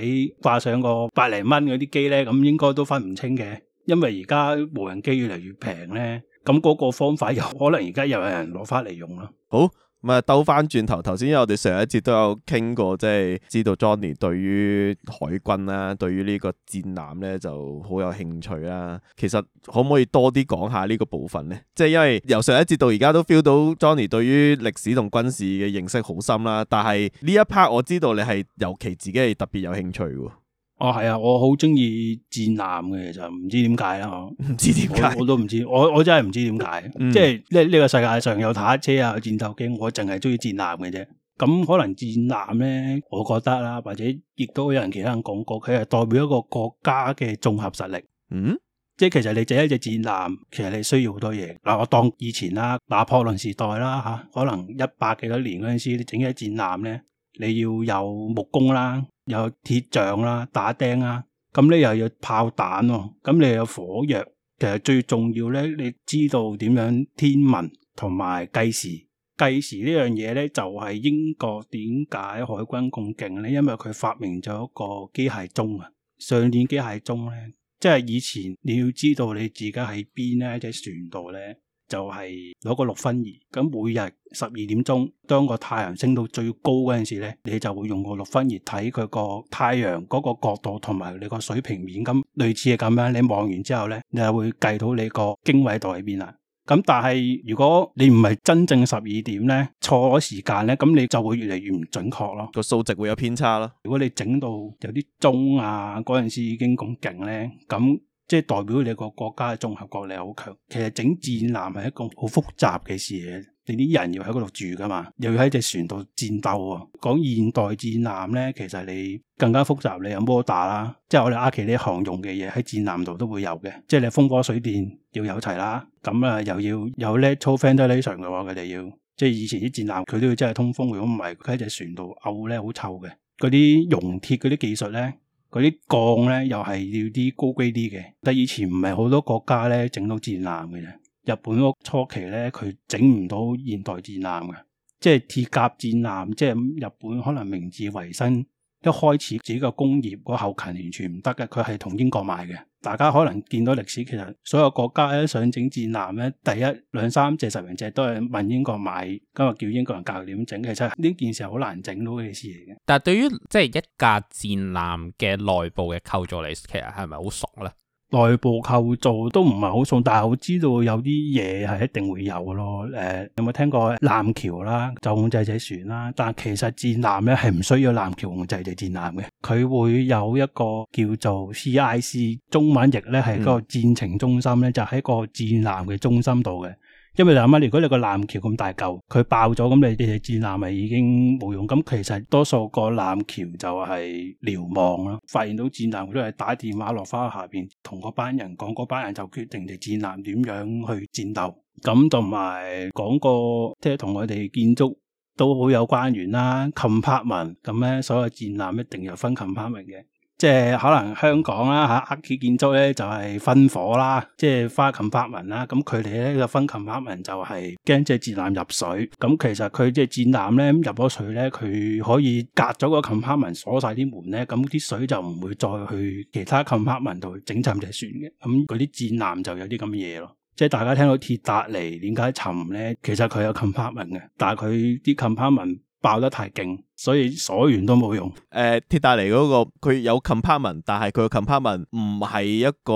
掛上個百零蚊嗰啲機咧，咁應該都分唔清嘅，因為而家無人機越嚟越平咧。咁嗰個方法又可能而家又有人攞翻嚟用咯。好，咪兜翻轉頭。頭先我哋上一節都有傾過，即係知道 Johnny 對於海軍啦，對於呢個戰艦咧就好有興趣啦。其實可唔可以多啲講下呢個部分呢？即係因為由上一節到而家都 feel 到 Johnny 對於歷史同軍事嘅認識好深啦。但係呢一 part 我知道你係尤其自己係特別有興趣喎。哦，係啊，我好中意戰艦嘅，就唔知點解啦，唔知點解，我都唔知，我我真係唔知點解，嗯、即係呢呢個世界上有坦克車啊，戰鬥機，我淨係中意戰艦嘅啫。咁可能戰艦咧，我覺得啦，或者亦都有人其他人講過，佢係代表一個國家嘅綜合實力。嗯，即係其實你整一隻戰艦，其實你需要好多嘢。嗱、啊，我當以前啦，拿破崙時代啦吓、啊，可能一百幾多年嗰陣時，你整一隻戰艦咧，你要有木工啦。有鐵匠啦、啊，打釘啦、啊，咁你又有炮彈咯、啊，咁你又有火藥，其實最重要咧，你知道點樣天文同埋計時，計時呢樣嘢咧就係、是、英國點解海軍咁勁咧？因為佢發明咗一個機械鐘啊，上鏈機械鐘咧，即係以前你要知道你自己喺邊咧，喺隻船度咧。就係攞個六分儀，咁每日十二點鐘，當個太陽升到最高嗰陣時咧，你就會用個六分儀睇佢個太陽嗰個角度同埋你個水平面，咁類似係咁樣。你望完之後咧，你就會計到你個經緯度喺邊啦。咁但係如果你唔係真正十二點咧，錯咗時間咧，咁你就會越嚟越唔準確咯，個數值會有偏差咯。如果你整到有啲鐘啊嗰陣時已經咁勁咧，咁。即係代表你個國家嘅綜合國力好強。其實整戰艦係一個好複雜嘅事嚟嘅，你啲人要喺嗰度住噶嘛，又要喺隻船度戰鬥喎。講現代戰艦咧，其實你更加複雜，你有摩打啦，即係我哋阿奇呢行用嘅嘢喺戰艦度都會有嘅。即係你風火水電要有齊啦，咁啊又要有 natural ventilation 嘅話，佢哋要即係以前啲戰艦佢都要真係通風，如果唔係佢喺隻船度嘔咧好臭嘅。嗰啲溶鐵嗰啲技術咧。嗰啲鋼咧又係要啲高規啲嘅，但以前唔係好多國家整到戰艦嘅。日本初期咧，佢整唔到現代戰艦嘅，即係鐵甲戰艦，即係日本可能明治維新。一開始自己個工業個後勤完全唔得嘅，佢係同英國買嘅。大家可能見到歷史，其實所有國家咧想整戰艦咧，第一兩三隻、十零隻都係問英國買，今日叫英國人教佢點整。其實呢件事係好難整到嘅事嚟嘅。但係對於即係一架戰艦嘅內部嘅構造嚟，其實係咪好熟咧？內部構造都唔係好熟，但係我知道有啲嘢係一定會有咯。誒、呃，有冇聽過艦橋啦，就控制隻船啦？但其實戰艦咧係唔需要艦橋控制隻戰艦嘅，佢會有一個叫做 CIC，中文譯咧係嗰個戰情中心咧，就喺、是、個戰艦嘅中心度嘅。因為你諗下，如果你個艦橋咁大嚿，佢爆咗，咁你啲戰艦咪已經冇用？咁其實多數個艦橋就係瞭望啦，發現到戰艦，都係打電話落翻去下邊，同嗰班人講，嗰班人就決定啲戰艦點樣去戰鬥。咁同埋講過即係同佢哋建築都好有關聯啦，compartment 咁咧，所有戰艦一定有分 compartment 嘅。即係可能香港啦嚇，黑企建築咧就係、是、分火啦，即係花 compartment 啦。咁佢哋咧就分 compartment 就係驚，即係戰艦入水。咁其實佢即係戰艦咧咁入咗水咧，佢可以隔咗個 compartment 鎖晒啲門咧，咁啲水就唔會再去其他 compartment 度整浸隻船嘅。咁嗰啲戰艦就有啲咁嘅嘢咯。即係大家聽到鐵達尼點解沉咧？其實佢有 compartment 嘅，但係佢啲 compartment 爆得太勁。所以鎖完都冇用。誒，呃，鐵達尼嗰個佢有 compartment，但係佢個 compartment 唔係一個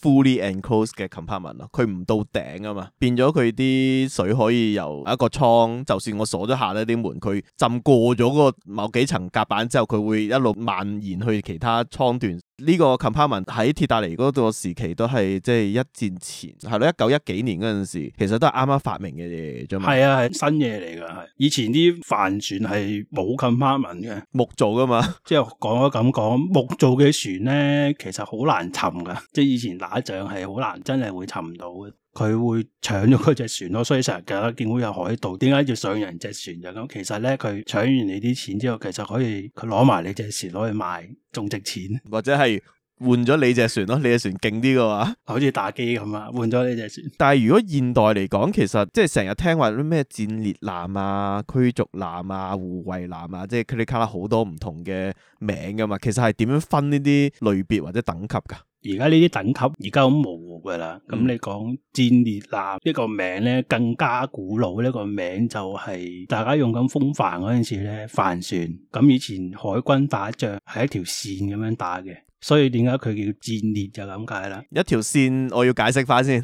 fully enclosed 嘅 compartment 啊，佢唔到頂啊嘛，變咗佢啲水可以由一個倉，就算我鎖咗下呢啲門，佢浸過咗嗰某幾層甲板之後，佢會一路蔓延去其他倉段。呢、這個 compartment 喺鐵達尼嗰個時期都係即係一戰前係咯，一九一幾年嗰陣時，其實都係啱啱發明嘅嘢啫嘛。係啊，係新嘢嚟噶，係以前啲帆船係。好近花紋嘅木造噶嘛，即係講咗咁講木造嘅船咧，其實好難沉噶，即係以前打仗係好難，真係會沉唔到嘅。佢會搶咗嗰隻船咯，所以成日見到有海盜，點解要上人隻船就咁？其實咧，佢搶完你啲錢之後，其實可以佢攞埋你隻船攞去賣，仲值錢，或者係。換咗你隻船咯，你隻船勁啲嘅嘛，好似打機咁啊！換咗你隻船。 但係如果現代嚟講，其實即係成日聽話啲咩戰列艦啊、驅逐艦啊、護衛艦啊，即係佢哋卡啦好多唔同嘅名嘅嘛。其實係點樣分呢啲類別或者等級㗎？而家呢啲等級而家好模糊嘅啦。咁、嗯、你講戰列艦一個名咧，更加古老呢，呢個名就係大家用緊風帆嗰陣時咧，帆船。咁以前海軍打仗係一條線咁樣打嘅。所以點解佢叫戰列就咁解啦？一條線，我要解釋翻先，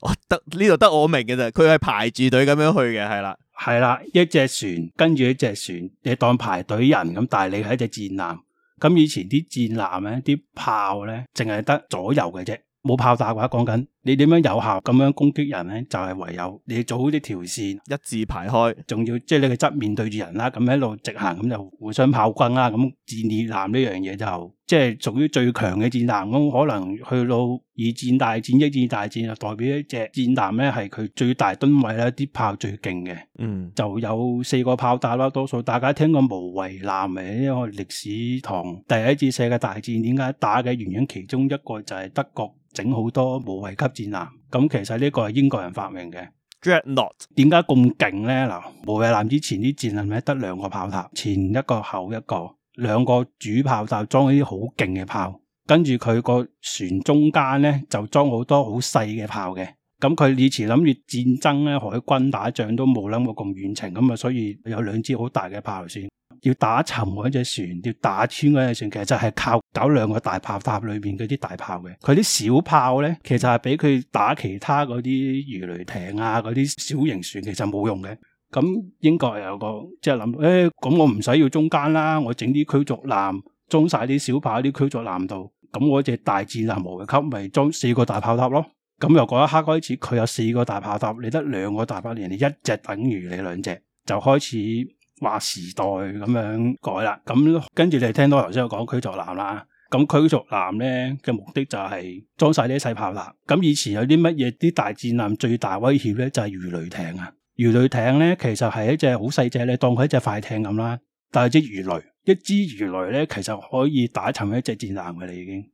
我得呢度得我明嘅啫。佢係排住隊咁樣去嘅，係啦，係啦，一隻船跟住一隻船，你當排隊人咁，但係你係一隻戰艦。咁以前啲戰艦咧，啲炮咧，淨係得左右嘅啫，冇炮炸嘅話，講緊。你點樣有效咁樣攻擊人咧？就係、是、唯有你做好啲條線，一字排開，仲要即係、就是、你嘅側面，面對住人啦，咁一路直、直行咁、嗯、就互相炮轟啦。咁戰列艦呢樣嘢就即係、就是、屬於最強嘅戰艦。咁可能去到二戰大戰一戰大戰，戰大戰就代表一隻戰艦咧係佢最大噸位啦，啲炮最勁嘅，嗯，就有四個炮塔啦。多數大家聽過無畏艦嘅，因為歷史堂第一次世界大戰點解打嘅原因，其中一個就係德國整好多無畏級。戰艦咁，其實呢個係英國人發明嘅。Dreadnought 點解咁勁咧？嗱，無畏艦之前啲戰艦咪得兩個炮塔，前一個後一個，兩個主炮塔裝啲好勁嘅炮，跟住佢個船中間咧就裝好多好細嘅炮嘅。咁佢以前諗住戰爭咧，海軍打仗都冇諗過咁遠程咁啊，所以有兩支好大嘅炮船，要打沉嗰隻船，要打穿嗰隻船，其實就係靠搞兩個大炮塔裏面嗰啲大炮嘅。佢啲小炮咧，其實係俾佢打其他嗰啲魚雷艇啊，嗰啲小型船，其實冇用嘅。咁英國有個即係諗，誒、就是，咁、哎、我唔使要中間啦，我整啲驅逐艦裝晒啲小炮喺啲驅逐艦度，咁我隻大戰艦冇級咪裝四個大炮塔咯。咁由嗰一刻開始，佢有四個大炮塔，你得兩個大炮，人哋你一隻等於你兩隻，就開始話時代咁樣改啦。咁跟住你聽到頭先我講驅逐艦啦，咁、嗯、驅逐艦咧嘅目的就係裝晒啲細炮艦。咁、嗯、以前有啲乜嘢啲大戰艦最大威脅咧就係、是、魚雷艇啊！魚雷艇咧其實係一隻好細隻，你當佢一隻快艇咁啦，但係隻魚雷一支魚雷咧其實可以打沉一隻戰艦嘅你已經。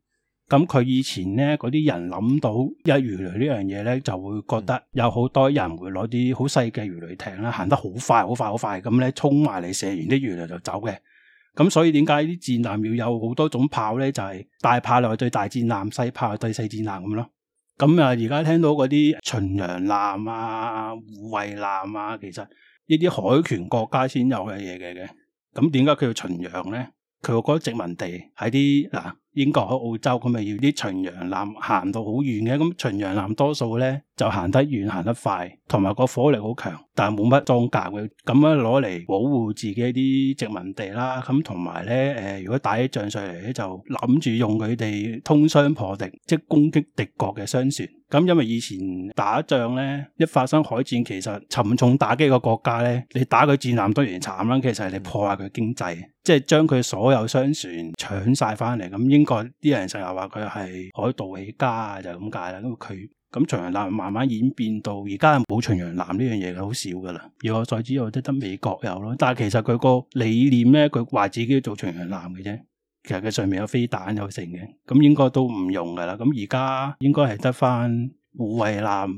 咁佢以前咧，嗰啲人諗到一魚雷呢樣嘢咧，就會覺得有好多人會攞啲好細嘅魚雷艇啦、啊，行得好快，好快，好快，咁咧衝埋嚟射完啲魚雷就走嘅。咁所以點解啲戰艦要有好多種炮咧？就係、是、大炮來對大戰艦，細炮對細戰艦咁咯。咁啊，而家聽到嗰啲巡洋艦啊、護衛艦啊，其實呢啲海權國家先有嘅嘢嘅。咁點解佢要巡洋咧？佢個嗰殖民地喺啲嗱。英國喺澳洲，咁咪要啲巡洋艦行到好遠嘅？咁巡洋艦多數咧就行得遠、行得快，同埋個火力好強，但係冇乜裝甲嘅。咁樣攞嚟保護自己啲殖民地啦。咁同埋咧，誒、呃，如果打起仗上嚟咧，就諗住用佢哋通商破敵，即係攻擊敵國嘅商船。咁因為以前打仗咧，一發生海戰，其實沉重打擊個國家咧，你打佢戰艦當然慘啦，其實係你破壞佢經濟，即係將佢所有商船搶晒翻嚟。咁英國啲人成日話佢係海盜起家就咁解啦。咁佢咁巡洋艦慢慢演變到而家冇巡洋艦呢樣嘢，好少噶啦。而我所知，我都得美國有咯。但係其實佢個理念咧，佢話自己做巡洋艦嘅啫。其實佢上面有飛彈有剩嘅，咁應該都唔用噶啦。咁而家應該係得翻護衛艦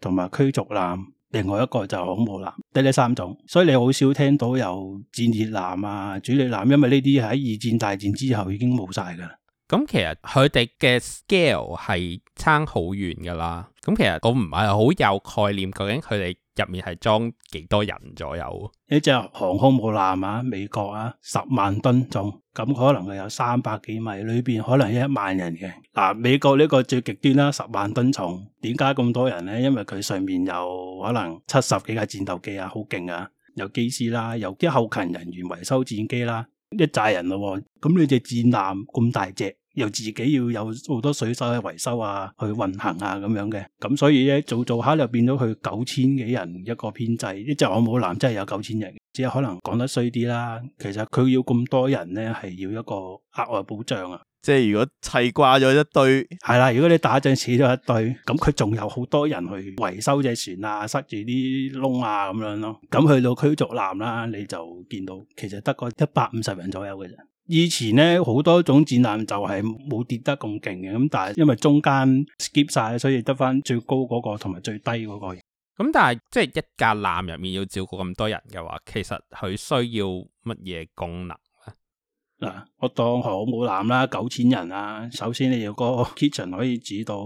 同埋驅逐艦，另外一個就航母艦。得呢三種，所以你好少聽到有戰列艦啊、主力艦，因為呢啲喺二戰大戰之後已經冇晒噶啦。咁其實佢哋嘅 scale 係差好遠㗎啦。咁其實我唔係好有概念，究竟佢哋入面係裝幾多人左右？呢隻航空母艦啊，美國啊，十萬噸重，咁可能係有三百幾米裡面，裏邊可能一萬人嘅。嗱、啊，美國呢個最極端啦、啊，十萬噸重，點解咁多人咧？因為佢上面有可能七十幾架戰鬥機啊，好勁啊，有機師啦、啊，有啲後勤人員維修戰機啦、啊，一紮人咯、啊。咁你隻戰艦咁大隻。又自己要有好多水手去維修啊，去運行啊咁樣嘅，咁所以咧做做下就變咗去九千幾人一個編制，即係我母艦真係有九千人，只係可能講得衰啲啦。其實佢要咁多人咧，係要一個額外保障啊。即係如果砌掛咗一堆，係啦，如果你打仗死咗一堆，咁佢仲有好多人去維修隻船啊，塞住啲窿啊咁樣咯。咁去到驅逐艦啦，你就見到其實得個一百五十人左右嘅啫。以前咧好多種戰艦就係冇跌得咁勁嘅，咁但係因為中間 skip 晒，所以得返最高嗰個同埋最低嗰個。咁、嗯、但係即係一架艦入面要照顧咁多人嘅話，其實佢需要乜嘢功能咧？嗱、啊，我當航母艦啦，九千人啊，首先你要、個 kitchen 可以煮到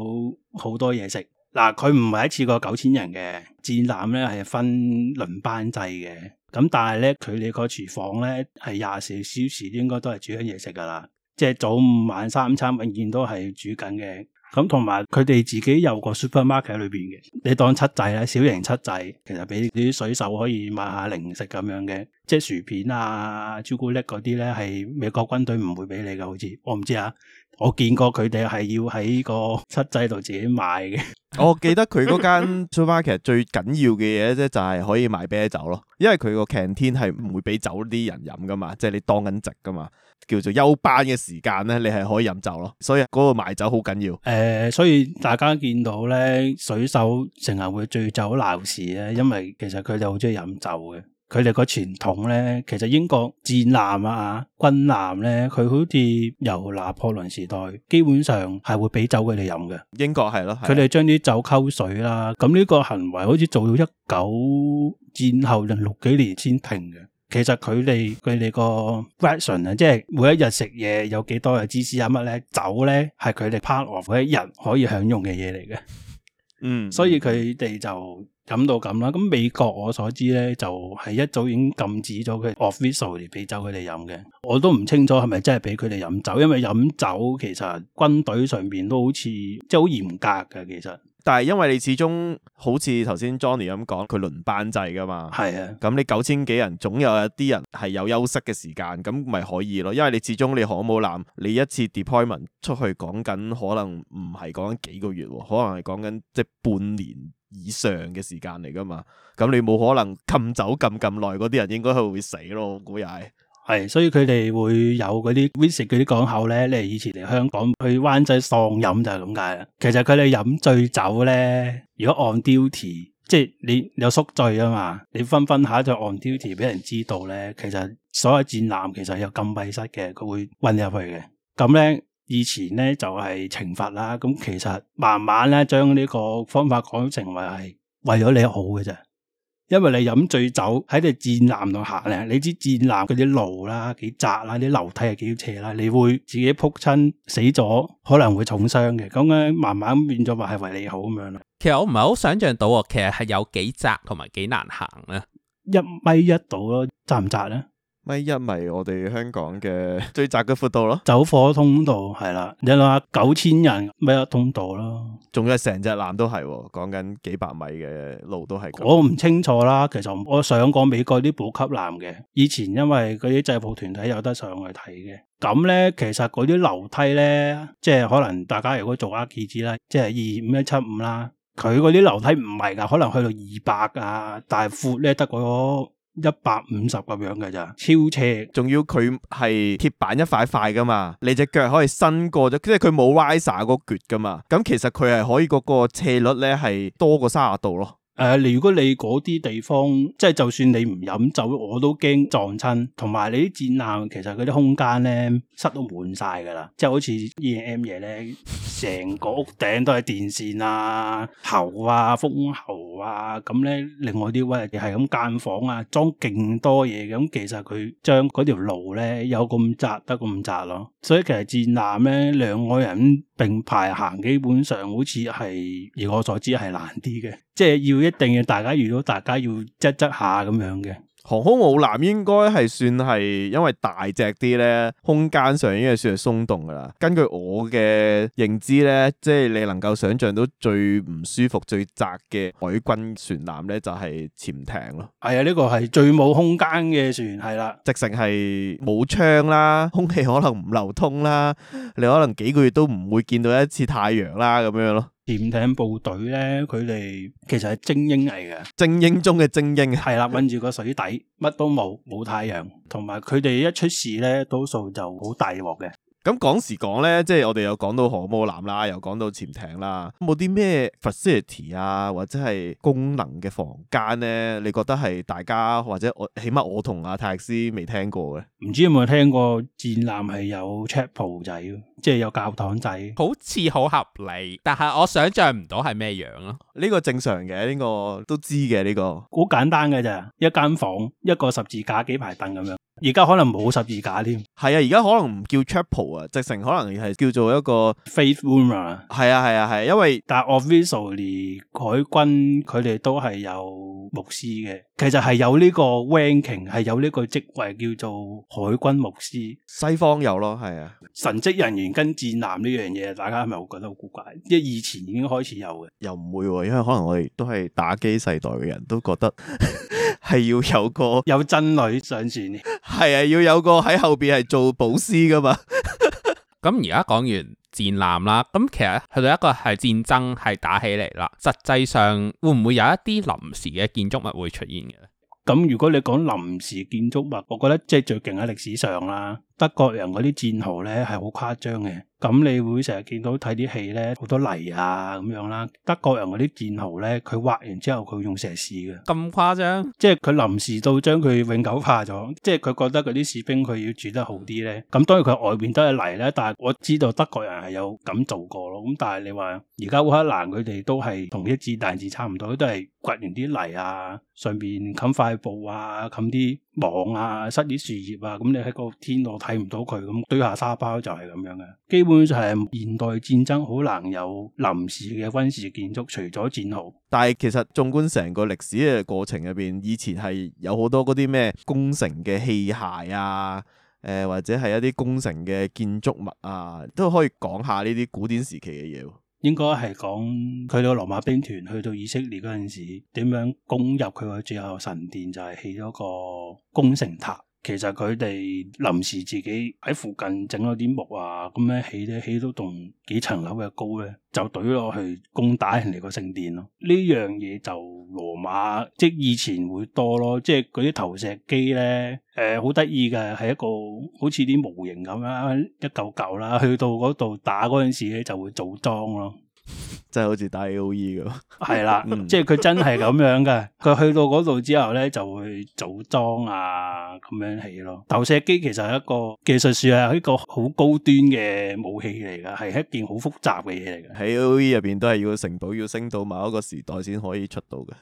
好多嘢食。嗱，佢唔係一次過九千人嘅，戰艦咧係分輪班制嘅。咁但係咧，佢哋個廚房咧係廿四小時應該都係煮緊嘢食噶啦。即係早午晚三餐永遠都係煮緊嘅。咁同埋佢哋自己有個 supermarket 喺裏邊嘅。你當七仔啦，小型七仔，其實俾啲水手可以買下零食咁樣嘅，即係薯片啊、朱古力嗰啲咧，係美國軍隊唔會俾你嘅，好似我唔知啊。我見過佢哋係要喺個七仔度自己買嘅。 我記得佢嗰間 supermarket 最緊要嘅嘢咧，就係可以買啤酒咯，因為佢個 canteen 係唔會俾酒啲人飲噶嘛，即係你當緊值噶嘛，叫做休班嘅時間咧，你係可以飲酒咯，所以嗰個賣酒好緊要。誒、呃，所以大家見到咧，水手成日會醉酒鬧事咧，因為其實佢哋好中意飲酒嘅。佢哋個傳統咧，其實英國戰艦啊、軍艦咧，佢好似由拿破崙時代，基本上係會俾酒佢哋飲嘅。英國係咯，佢哋將啲酒溝水啦，咁呢個行為好似做到一九戰後定六幾年先停嘅。其實佢哋佢哋個 ration 啊，raction，即係每一日食嘢有幾多嘅芝士啊乜咧，酒咧係佢哋 part of 一日可以享用嘅嘢嚟嘅。嗯，所以佢哋就。飲到咁啦，咁美國我所知呢，就係、是、一早已經禁止咗佢 official 地俾酒佢哋飲嘅。我都唔清楚係咪真係俾佢哋飲酒，因為飲酒其實軍隊上面都好似即係好嚴格嘅其實。但係因為你始終好似頭先 Johnny 咁講，佢輪班制噶嘛，係啊的。咁、嗯、你九千幾人總有一啲人係有休息嘅時間，咁咪可以咯。因為你始終你可冇艦，你一次 deployment 出去講緊可能唔係講緊幾個月，可能係講緊即係半年以上嘅時間嚟噶嘛。咁你冇可能冚走冚咁耐嗰啲人，應該係會死咯，估係。係，所以佢哋會有嗰啲 visit 嗰啲港口咧，你係以前嚟香港去灣仔喪飲就係咁解啦。其實佢哋飲醉酒咧，如果 on duty，即係你有宿醉啊嘛，你分分下就 on duty 俾人知道咧，其實所有戰艦其實有禁閉室嘅，佢會運入去嘅。咁咧以前咧就係、是、懲罰啦，咁其實慢慢咧將呢個方法講成為係為咗你好嘅啫。因為你飲醉酒喺隻戰艦度行咧，你知戰艦嗰啲路啦，幾窄啦，啲樓梯係幾斜啦，你會自己扑親死咗，可能會重傷嘅。咁樣慢慢變咗，係為你好咁樣咯。其實我唔係好想象到，其實係有幾窄同埋幾難行啊！一米一度咯，窄唔窄咧？米一咪，我哋香港嘅最窄嘅闊度咯，走火通道係啦，有啦九千人米一通道咯，仲有成隻艦都係，講緊幾百米嘅路都係。我唔清楚啦，其實我上過美國啲補給艦嘅，以前因為嗰啲制服團體有得上去睇嘅。咁咧，其實嗰啲樓梯咧，即係可能大家如果做厄幾子咧，即係二五一七五啦，佢嗰啲樓梯唔係噶，可能去到二百啊，但係闊咧得嗰個。一百五十咁樣嘅咋？超斜，仲要佢係鐵板一塊塊噶嘛？你隻腳可以伸過咗，即係佢冇 riser 橛噶嘛？咁其實佢係可以嗰個斜率咧係多過三十度咯。誒、呃，如果你嗰啲地方，即、就、係、是、就算你唔飲酒，我都驚撞親。同埋你啲戰艦，其實佢啲空間咧塞到滿晒噶啦，即係好似 E M 嘢咧，成個屋頂都係電線啊、喉啊、風喉。哇，咁咧，另外啲位係咁間房間啊，裝勁多嘢，咁其實佢將嗰條路咧有咁窄，得咁窄咯。所以其實戰艦咧，兩個人並排行，基本上好似係，以我所知係難啲嘅，即係要一定要大家遇到大家要擠擠下咁樣嘅。航空母艦應該係算係因為大隻啲咧，空間上應該算係鬆動噶啦。根據我嘅認知咧，即係你能夠想像到最唔舒服、最窄嘅海軍船艦咧，就係潛艇咯。係啊、哎，呢、呢個係最冇空間嘅船，係啦，直成係冇窗啦，空氣可能唔流通啦，你可能幾個月都唔會見到一次太陽啦，咁樣咯。潛艇部隊咧，佢哋其實係精英嚟嘅，精英中嘅精英。係 啦，混住個水底，乜都冇，冇太陽，同埋佢哋一出事咧，多數就好大鑊嘅。咁、嗯、講時講咧，即係我哋又講到航母艦啦，又講到潛艇啦，冇啲咩 facility 啊，或者係功能嘅房間咧？你覺得係大家或者我起碼我同阿泰斯未聽過嘅？唔知有冇聽過戰艦係有 chapel 仔？即係有教堂仔，好似好合理，但係我想象唔到係咩樣咯。呢個正常嘅，呢個都知嘅，呢個好簡單嘅咋，一間房，一個十字架，幾排凳咁樣。而家可能冇十字架添，係啊，而家可能唔叫 chapel 啊，直情可能係叫做一個 faith room rumor ,啊。係啊係啊係，啊因為但係 officially festivals, 海軍佢哋都係有牧師嘅，其實係有呢個 ranking 係有呢個職位叫做海軍牧師。西方有咯，係啊，神職人員。跟戰艦呢樣嘢，大家係咪會覺得好古怪？因為以前已經開始有嘅，又唔會、啊、因為可能我哋都係打機世代嘅人都覺得係 要有個有真女上線，係啊，要有個喺後邊係做保師噶嘛。咁而家講完戰艦啦，咁其實去到一個係戰爭係打起嚟啦，實際上會唔會有一啲臨時嘅建築物會出現嘅咧？咁如果你講臨時建築物，我覺得即係最勁喺歷史上啦，德國人嗰啲戰壕咧係好誇張嘅。咁你會成日見到睇啲戲咧，好多泥啊咁樣啦。德國人嗰啲戰壕咧，佢挖完之後佢用石屎嘅，咁誇張？即係佢臨時到將佢永久化咗，即係佢覺得嗰啲士兵佢要住得好啲咧。咁當然佢外面都係泥咧，但係我知道德國人係有咁做過咯。咁但係你話而家烏克蘭佢哋都係同一字大字差唔多，都係掘完啲泥啊，上邊冚塊布啊，冚啲。網啊，失啲樹葉啊，咁、嗯、你喺個天度睇唔到佢，咁、嗯、堆下沙包就係咁樣嘅，基本上係現代戰爭好難有臨時嘅軍事建築，除咗戰壕。但係其實縱觀成個歷史嘅過程入邊，以前係有好多嗰啲咩工程嘅器械啊，誒、呃、或者係一啲工程嘅建築物啊，都可以講下呢啲古典時期嘅嘢啊。應該係講佢哋個羅馬兵團去到以色列嗰陣時，點樣攻入佢個最後神殿，就係起咗個攻城塔。其實佢哋臨時自己喺附近整咗啲木啊，咁咧起咧起到同幾層樓嘅高咧，就懟落去攻打人哋個聖殿咯。呢樣嘢就羅馬即係以前會多咯，即係嗰啲投石機咧，誒好得意嘅，係一個好似啲模型咁樣一嚿嚿啦，去到嗰度打嗰陣時咧就會組裝咯。即係 好似打 A O E 咁、 嗯， 係啦，即係佢真係咁樣嘅。佢去到嗰度之後咧，就會組裝啊咁樣起咯。投石機其實係一個技術上係一個好高端嘅武器嚟噶，係一件好複雜嘅嘢嚟噶。喺 A O E 入邊都係要城堡要升到某一個時代先可以出到嘅。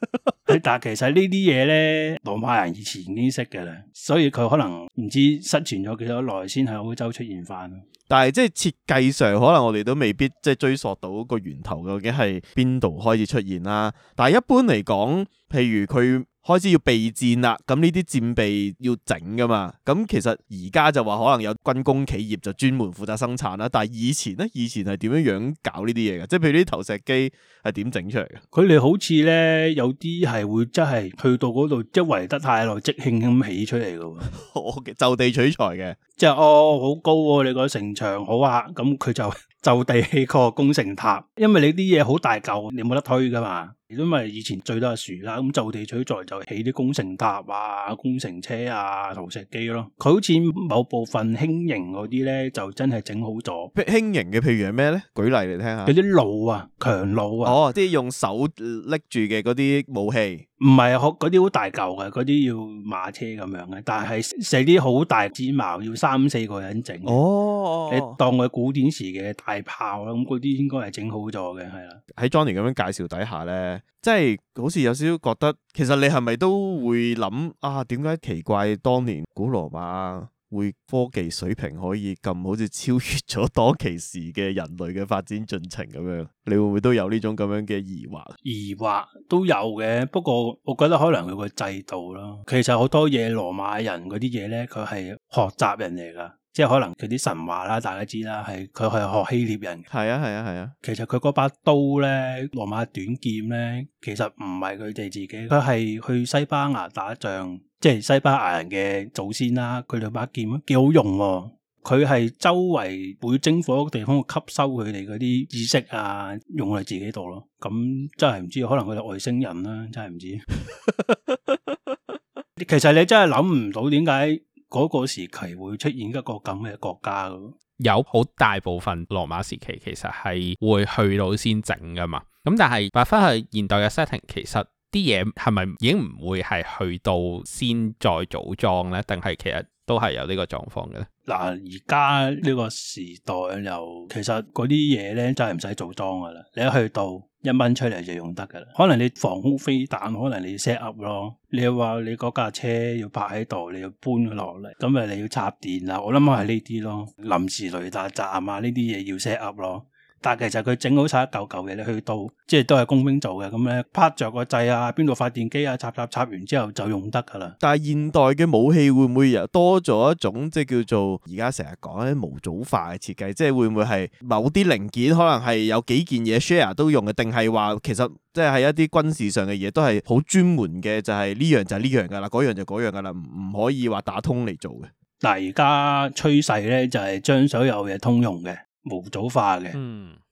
但係其實呢啲嘢咧，羅馬人以前已經識嘅啦，所以佢可能唔知失傳咗幾多耐先喺歐洲出現翻。但係即係設計上，可能我哋都未必即係追溯到一個源。源頭究竟係邊度開始出現啦，啊？但係一般嚟講，譬如佢開始要備戰啦，咁呢啲戰備要整噶嘛？咁其實而家就話可能有軍工企業就專門負責生產啦。但係以前呢，以前係點樣樣搞呢啲嘢嘅？即係譬如啲投石機係點整出嚟嘅？佢哋好似呢，有啲係會真係去到嗰度，即係圍得太耐，即興咁起出嚟嘅， 就地取材嘅。即係哦，好高、啊，你個城牆好啊，咁佢就。就地起個工程塔，因為你啲嘢好大嚿，你冇得推噶嘛。因為以前最多係樹啦，咁就地取材就起啲工程塔啊、工程車啊、投石機咯。佢好似某部分輕型嗰啲咧，就真係整好咗。輕型嘅，譬如係咩咧？舉例嚟，聽下。有啲弩啊，強弩啊。哦，即係用手拎住嘅嗰啲武器。唔係啊，嗰啲好大嚿嘅，嗰啲要馬車咁樣嘅。但係寫啲好大箭矛，要三四個人整。哦，你當係古典時嘅大炮咯，咁嗰啲應該係整好咗嘅，係啦。喺 Johnny 咁樣介紹底下咧，即係好似有少少覺得，其實你係咪都會諗啊？點解奇怪？當年古羅馬會科技水平可以咁好似超越咗當其時嘅人類嘅發展進程咁樣？你會唔會都有呢種咁樣嘅疑惑？疑惑都有嘅，不過我覺得可能佢個制度咯。其實好多嘢羅馬人嗰啲嘢咧，佢係學習人嚟噶。即係可能佢啲神話啦，大家知啦，係佢係學希臘人係啊，係啊，係啊其。其實佢嗰把刀咧，羅馬短劍咧，其實唔係佢哋自己，佢係去西班牙打仗，即係西班牙人嘅祖先啦、啊。佢哋把劍幾好用喎。佢係周圍會征服一個地方，吸收佢哋嗰啲知識啊，用嚟自己度咯。咁、嗯、真係唔知，可能佢哋外星人啦、啊，真係唔知。 其實你真係諗唔到點解？嗰個時期會出現一個咁嘅國家，有好大部分羅馬時期其實係會去到先整噶嘛。咁但係話翻去現代嘅 setting，其實啲嘢係咪已經唔會係去到先再組裝呢？定係其實都係有呢個狀況嘅呢？嗱，而家呢個時代又其實嗰啲嘢呢，真係唔使組裝噶啦，你一去到。一蚊出嚟就用得㗎喇，可能你防空飛彈，可能你要 set up 咯。你又話你嗰架車要泊喺度，你要搬佢落嚟，咁咪你要插電啊，我諗係呢啲咯，臨時雷達站啊，呢啲嘢要 set up 咯。但其實佢整好曬一嚿嚿嘅，你去到即係都係工兵做嘅咁咧，拍着個掣啊，邊個發電機啊，插插插完之後就用得噶啦。但係現代嘅武器會唔會又多咗一種即係叫做而家成日講咧模組化嘅設計？即係會唔會係某啲零件可能係有幾件嘢 share 都用嘅，定係話其實即係喺一啲軍事上嘅嘢都係好專門嘅，就係呢樣就係呢樣噶啦，嗰樣就嗰樣噶啦，唔可以話打通嚟做嘅。嗱，而家趨勢咧就係將所有嘢通用嘅。模組化嘅，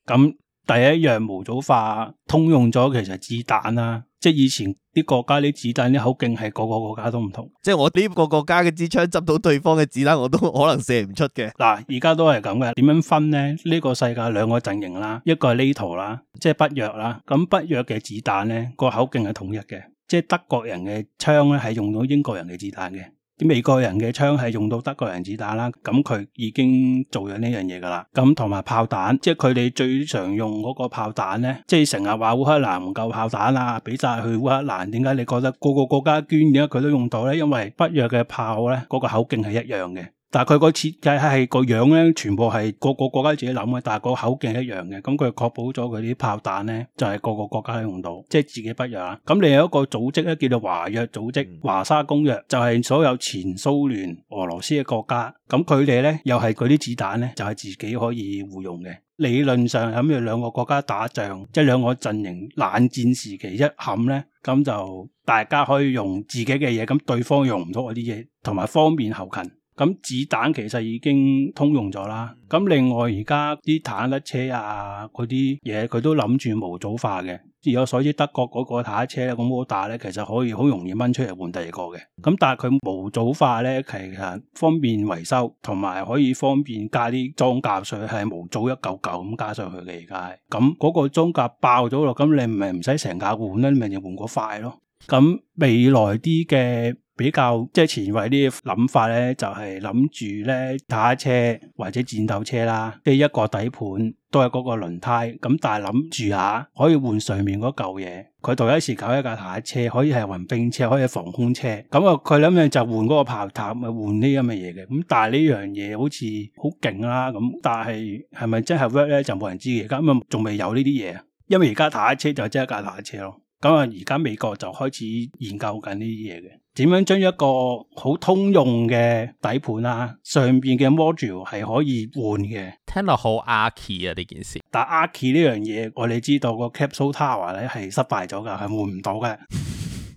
咁第一樣模組化通用咗，其實子彈啦，即係以前啲國家啲子彈啲口徑係個個國家都唔同，即係我呢個國家嘅支槍執到對方嘅子彈，我都可能射唔出嘅。嗱，而家都係咁嘅，點樣分呢？呢個世界兩個陣營啦，一個係 NATO 啦，即係北約啦。咁北約嘅子彈咧個口徑係統一嘅，即係德國人嘅槍咧係用到英國人嘅子彈嘅。美國人嘅槍係用到德國人子彈啦，咁佢已經做咗呢樣嘢噶啦。咁同埋炮彈，即係佢哋最常用嗰個炮彈呢，即係成日話烏克蘭唔夠炮彈啊，俾晒去烏克蘭。點解你覺得個個國家捐嘅，佢都用到呢？因為北約嘅炮呢，嗰個口徑係一樣嘅。但係佢個設計係個樣咧，全部係各個國家自己諗嘅，但係個口徑一樣嘅，咁佢確保咗佢啲炮彈咧，就係、是、各個國家用到，即係自己不入。咁另有一個組織咧，叫做華約組織、華沙公約，就係、是、所有前蘇聯、俄羅斯嘅國家。咁佢哋咧又係佢啲子彈咧，就係、是、自己可以互用嘅。理論上咁，如果兩個國家打仗，即係兩個陣營冷戰時期一冚咧，咁就大家可以用自己嘅嘢，咁對方用唔到我啲嘢，同埋方便後勤。咁子彈其實已經通用咗啦。咁另外而家啲坦克車啊，嗰啲嘢佢都諗住模組化嘅。而有所知，德國嗰個坦克車咁、嗰個摩打咧，其實可以好容易掹出嚟換第二個嘅。咁但係佢模組化咧，其實方便維修，同埋可以方便加啲裝甲，所以係模組一嚿嚿咁加上去嘅。而家咁嗰個裝甲爆咗咯，咁你咪唔使成架換啦，咪就換嗰塊咯。咁未來啲嘅。比較即係前衛啲諗法咧，就係諗住咧坦克或者戰鬥車啦，即係一個底盤都係嗰個輪胎。咁但係諗住下可以換上面嗰嚿嘢。佢第一次搞一架坦克，可以係運兵車，可以防空車。咁啊，佢諗嘅就換嗰個炮塔，咪換呢咁嘅嘢嘅。咁但係呢樣嘢好似好勁啦。咁但係係咪真係 work 咧？就冇人知而家咁仲未有呢啲嘢啊。因為而家坦克就係真係架坦克咯。咁啊，而家美國就開始研究緊呢啲嘢嘅。點樣將一個好通用嘅底盤啊，上面嘅 module 係可以換嘅。聽落好 Archi 啊呢件事。但係 Archi 呢樣嘢，我哋知道個 Capsule Tower 咧，係失敗咗噶係換唔到嘅。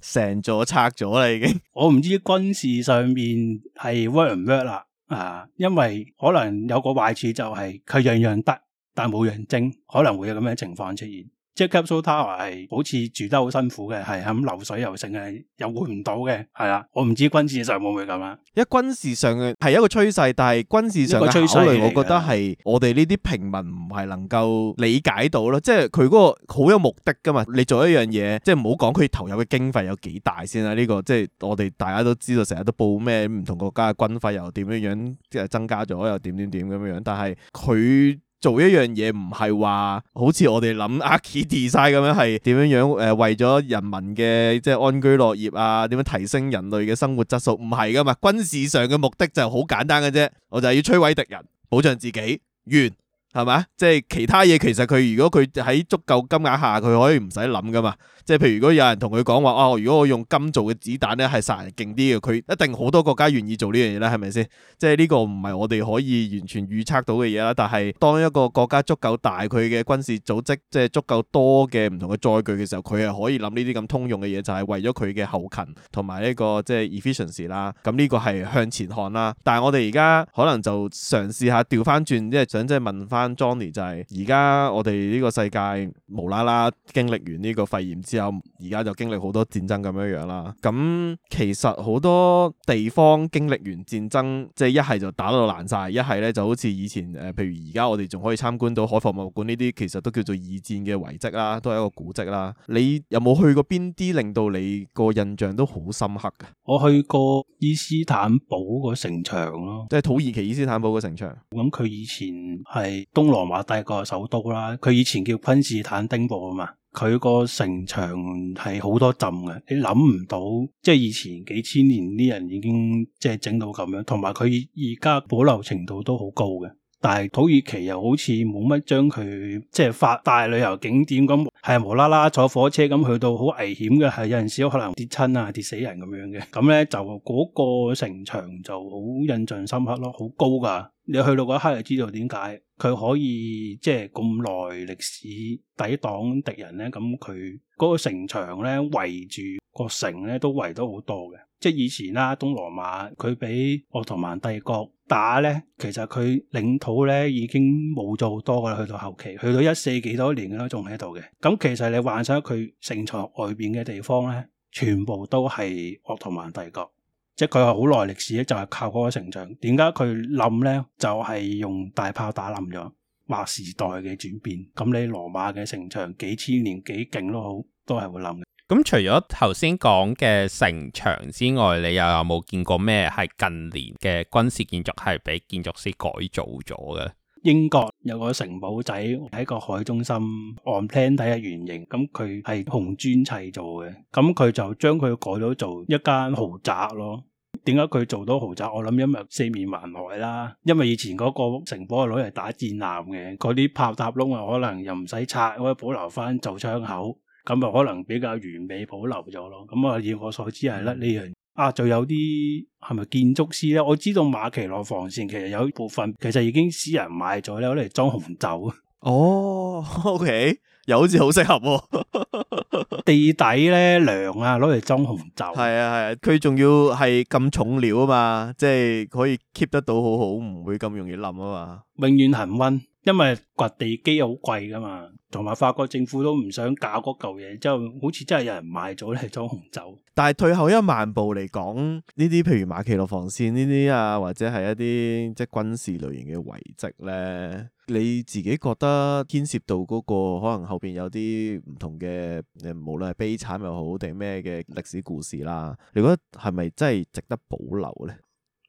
成 座拆咗啦，已經。我唔知道軍事上面係 work 唔 work 啦，啊，因為可能有個壞處就係佢樣樣得，但冇樣精，可能會有咁樣情況出現。即係 Capsule Tower 係好似住得好辛苦嘅，係咁流水又剩嘅，又換唔到嘅，係啊，我唔知軍事上會唔會咁啊。一軍事上嘅係一個趨勢，但係軍事上嘅考慮，我覺得係我哋呢啲平民唔係能夠理解到咯。即係佢嗰個好有目的噶嘛。你做一樣嘢，即係唔好講佢投入嘅經費有幾大先啦，啊。呢個即係我哋大家都知道，成日都報咩唔同國家嘅軍費又點樣樣即係增加咗又點點點咁樣樣，但係佢，做一樣嘢唔係話好似我哋諗 architecture，咁樣係點樣樣，誒為咗人民嘅即係安居樂業啊，點樣提升人類嘅生活質素，唔係噶嘛。軍事上嘅目的就好簡單嘅啫，我就係要摧毀敵人，保障自己，完係嘛，即係其他嘢其實，佢如果佢喺足夠金額下，佢可以唔使諗噶嘛。即係譬如如果有人同佢講話哦，如果我用金做嘅子彈咧，係殺人勁啲嘅，佢一定好多國家願意做呢樣嘢啦，係咪先？即係呢個唔係我哋可以完全預測到嘅嘢啦。但係當一個國家足夠大，佢嘅軍事組織即係足夠多嘅唔同嘅載具嘅時候，佢係可以諗呢啲咁通用嘅嘢，就係為咗佢嘅後勤同埋呢個即係 efficiency 啦。咁呢個係向前看啦。但係我哋而家可能就嘗試下調翻轉，即係想即係問翻 Johnny 就係而家我哋呢個世界無啦啦經歷完呢個肺炎之又而家就經歷好多戰爭咁樣樣啦，咁其實好多地方經歷完戰爭，即係一係就打到爛晒，一係咧就好似以前誒、呃，譬如而家我哋仲可以參觀到海防博物館呢啲，其實都叫做二戰嘅遺迹啦，都係一個古迹啦。你有冇去過邊啲令到你個印象都好深刻嘅？我去過伊斯坦堡個城牆咯，即係土耳其伊斯坦堡個城牆。咁佢、嗯、以前係東羅馬帝國首都啦，佢以前叫君士坦丁堡啊嘛。佢個城牆係好多浸嘅，你諗唔到，即係以前幾千年啲人已經即係整到咁樣，同埋佢而家保留程度都好高嘅。但係土耳其又好似冇乜將佢即係發大旅遊景點咁，係無啦啦坐火車咁去到好危險嘅，係有陣時可能跌親啊跌死人咁樣嘅。咁咧就嗰個城牆就好印象深刻咯，好高㗎，你去到嗰一刻就知道點解。佢可以即係咁耐歷史抵擋敵人咧，咁佢嗰個城牆咧圍住個城咧都圍到好多嘅，即係以前啦，東羅馬佢俾鄂圖曼帝國打咧，其實佢領土咧已經冇咗好多噶啦，去到後期去到一四幾多年啦，仲喺度嘅。咁其實你幻想佢城牆外邊嘅地方咧，全部都係鄂圖曼帝國。即係佢係好耐歷史，就係靠嗰個城牆。點解佢冧呢？就係用大炮打冧咗，話時代嘅轉變。咁你羅馬嘅城牆幾千年幾勁都好，都係會冧嘅。咁除咗頭先講嘅城牆之外，你又有冇見過咩係近年嘅軍事建築係俾建築師改造咗嘅？英國有個城堡仔喺個海中心 on plan 睇下圓形，咁佢係紅磚砌造嘅，咁佢就將佢改咗做一間豪宅咯。點解佢做到豪宅？我諗因為四面環海啦，因為以前嗰個城堡係攞嚟打戰艦嘅，嗰啲炮塔窿啊，可能又唔使拆，可以保留翻做窗口，咁啊可能比較完美保留咗咯。咁啊，以我所知係得呢樣。啊，就有啲係咪建築師咧我知道馬奇諾防線其實有一部分，其實已經私人買咗咧，攞嚟裝紅酒。哦，OK，又好似好適合，啊、 地底咧涼啊，攞嚟裝紅酒。係啊係啊，佢仲要係咁重料啊嘛，即係可以 keep 得到好好，唔會咁容易冧啊嘛，永遠恆溫。因為掘地基好貴噶嘛，同埋法國政府都唔想搞嗰嚿嘢，之後好似真係有人賣咗嚟裝紅酒。但係退後一萬步嚟講，呢啲譬如馬奇諾防線呢啲啊，或者係一啲即係軍事類型嘅遺跡咧，你自己覺得牽涉到嗰個可能後邊有啲唔同嘅誒，無論係悲慘又好定咩嘅歷史故事啦，你覺得係咪真係值得保留咧？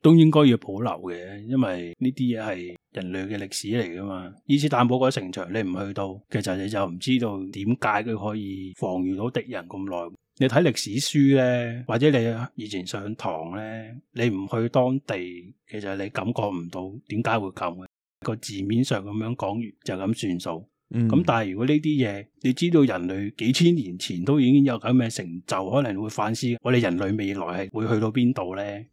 都應該要保留嘅，因為呢啲嘢係人類嘅歷史嚟噶嘛。伊斯坦堡嗰個城牆，你唔去到，其實你就唔知道點解佢可以防禦到敵人咁耐。你睇歷史書咧，或者你以前上堂咧，你唔去當地，其實你感覺唔到點解會咁嘅。個字面上咁樣講完就咁算數。咁、嗯、但係如果呢啲嘢，你知道人類幾千年前都已經有咁嘅成就，可能會反思我哋人類未來係會去到邊度咧。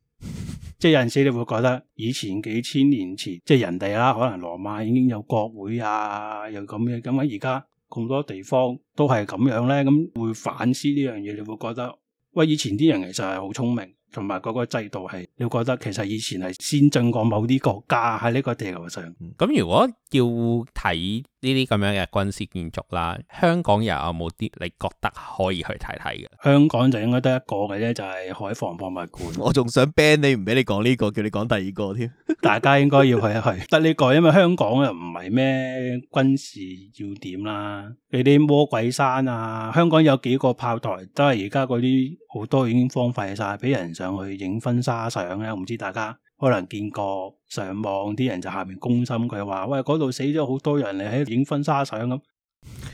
即係有陣時你會覺得以前幾千年前，即係人哋啦，可能羅馬已經有國會啊，又咁樣，咁而家咁多地方都係咁樣咧，咁會反思呢樣嘢，你會覺得喂，以前啲人其實係好聰明，同埋嗰個制度係，你會覺得其實以前係先進過某啲國家喺呢個地球上。咁，嗯，如果要睇。呢啲咁樣嘅軍事建築啦，香港又有冇啲你覺得可以去睇睇嘅？香港就應該得一個嘅啫，就係、是、海防博物館。 我仲想 ban 你，唔俾你講呢、這個，叫你講第二個添。 大家應該要去一去得呢、 這個，因為香港又唔係咩軍事要點啦、啊。你啲魔鬼山啊，香港有幾個炮台都係而家嗰啲好多已經荒廢晒，俾人上去影婚紗相啊！我唔知大家。可能見過上網啲人就下面攻心，佢話：喂，嗰度死咗好多人，你喺度影婚紗相咁。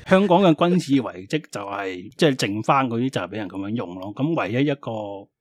香港嘅軍事遺蹟就係、是、即係剩翻嗰啲就係畀人咁樣用咯。咁唯一一個。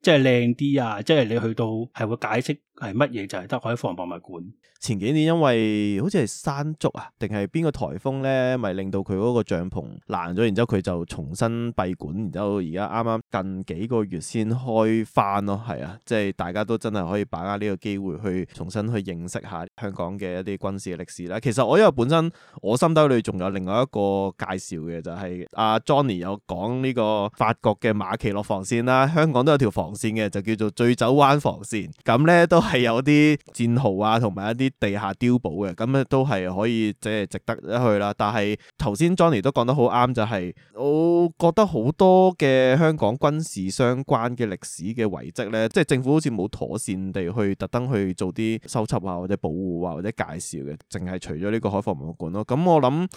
即係靚啲啊！即係你去到係會解釋係乜嘢就係得海防博物館。前幾年因為好似係山竹啊，定係邊個颱風咧，咪令到佢嗰個帳篷爛咗，然之後佢就重新閉館，然之後而家啱啱近幾個月先開翻咯，係啊！即係大家都真係可以把握呢個機會去重新去認識下香港嘅一啲軍事嘅歷史啦。其實我因為本身我心底裏仲有另外一個介紹嘅，就係阿 Johnny 有講呢個法國嘅馬奇諾防線啦，香港都有條防線。防線嘅就叫做醉酒灣防線，咁咧都係有啲戰壕啊，同埋一啲地下碉堡嘅，咁咧都係可以即係、就是、值得一去啦。但係頭先 Johnny 都講得好啱、就是，就係我覺得好多嘅香港軍事相關嘅歷史嘅遺迹咧，即係政府好似冇妥善地去特登去做啲修葺，啊，或者保護啊，或者介紹嘅，淨係除咗呢個海防文物館咯。咁我諗。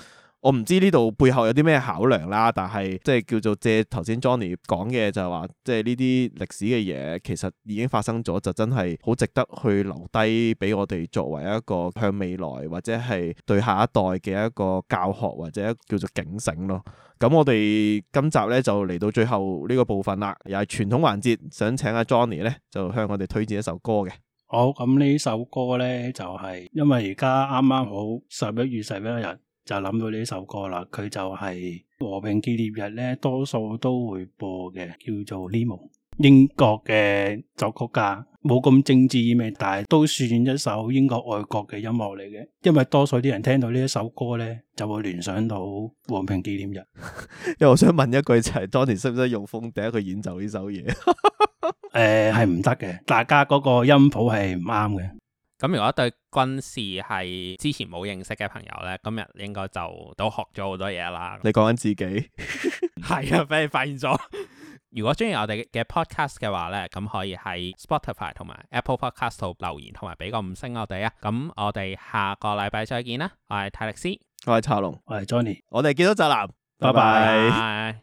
我唔知呢度背後有啲咩考量啦，但係即係叫做借頭先 Johnny 講嘅，就係話即係呢啲歷史嘅嘢，其實已經發生咗，就真係好值得去留低俾我哋作為一個向未來或者係對下一代嘅一個教學或者叫做警醒咯。咁我哋今集呢就嚟到最後呢個部分啦，又係傳統環節，想請阿、啊、Johnny 呢就向我哋推薦一首歌嘅。好、哦，咁呢首歌呢就係、是、因為而家啱啱好十一月十一日。就諗到呢首歌啦，佢就係和平紀念日咧，多數都會播嘅，叫做《Nimrod》。英國嘅作曲家，冇咁政治意味，但係都算一首英國愛國嘅音樂嚟嘅。因為多數啲人聽到呢一首歌咧，就會聯想到和平紀念日。我 想問一句，就是，就係 Johnny 使唔使用風笛去演奏呢首嘢？誒， 呃，係唔得嘅，大家嗰個音譜係唔啱嘅。咁如果對軍事係之前冇認識嘅朋友呢，今日應該就都學咗好多嘢啦。你講緊自己，係 啊，俾你發現咗。 如果中意我哋嘅 podcast 嘅話呢，咁可以喺 Spotify 同埋 Apple Podcast 度留言同埋俾個五星我哋啊。咁我哋下個禮拜再見啦。我係泰力斯，我係查龍，我係 Johnny，我哋見到就嚟，bye bye 拜拜。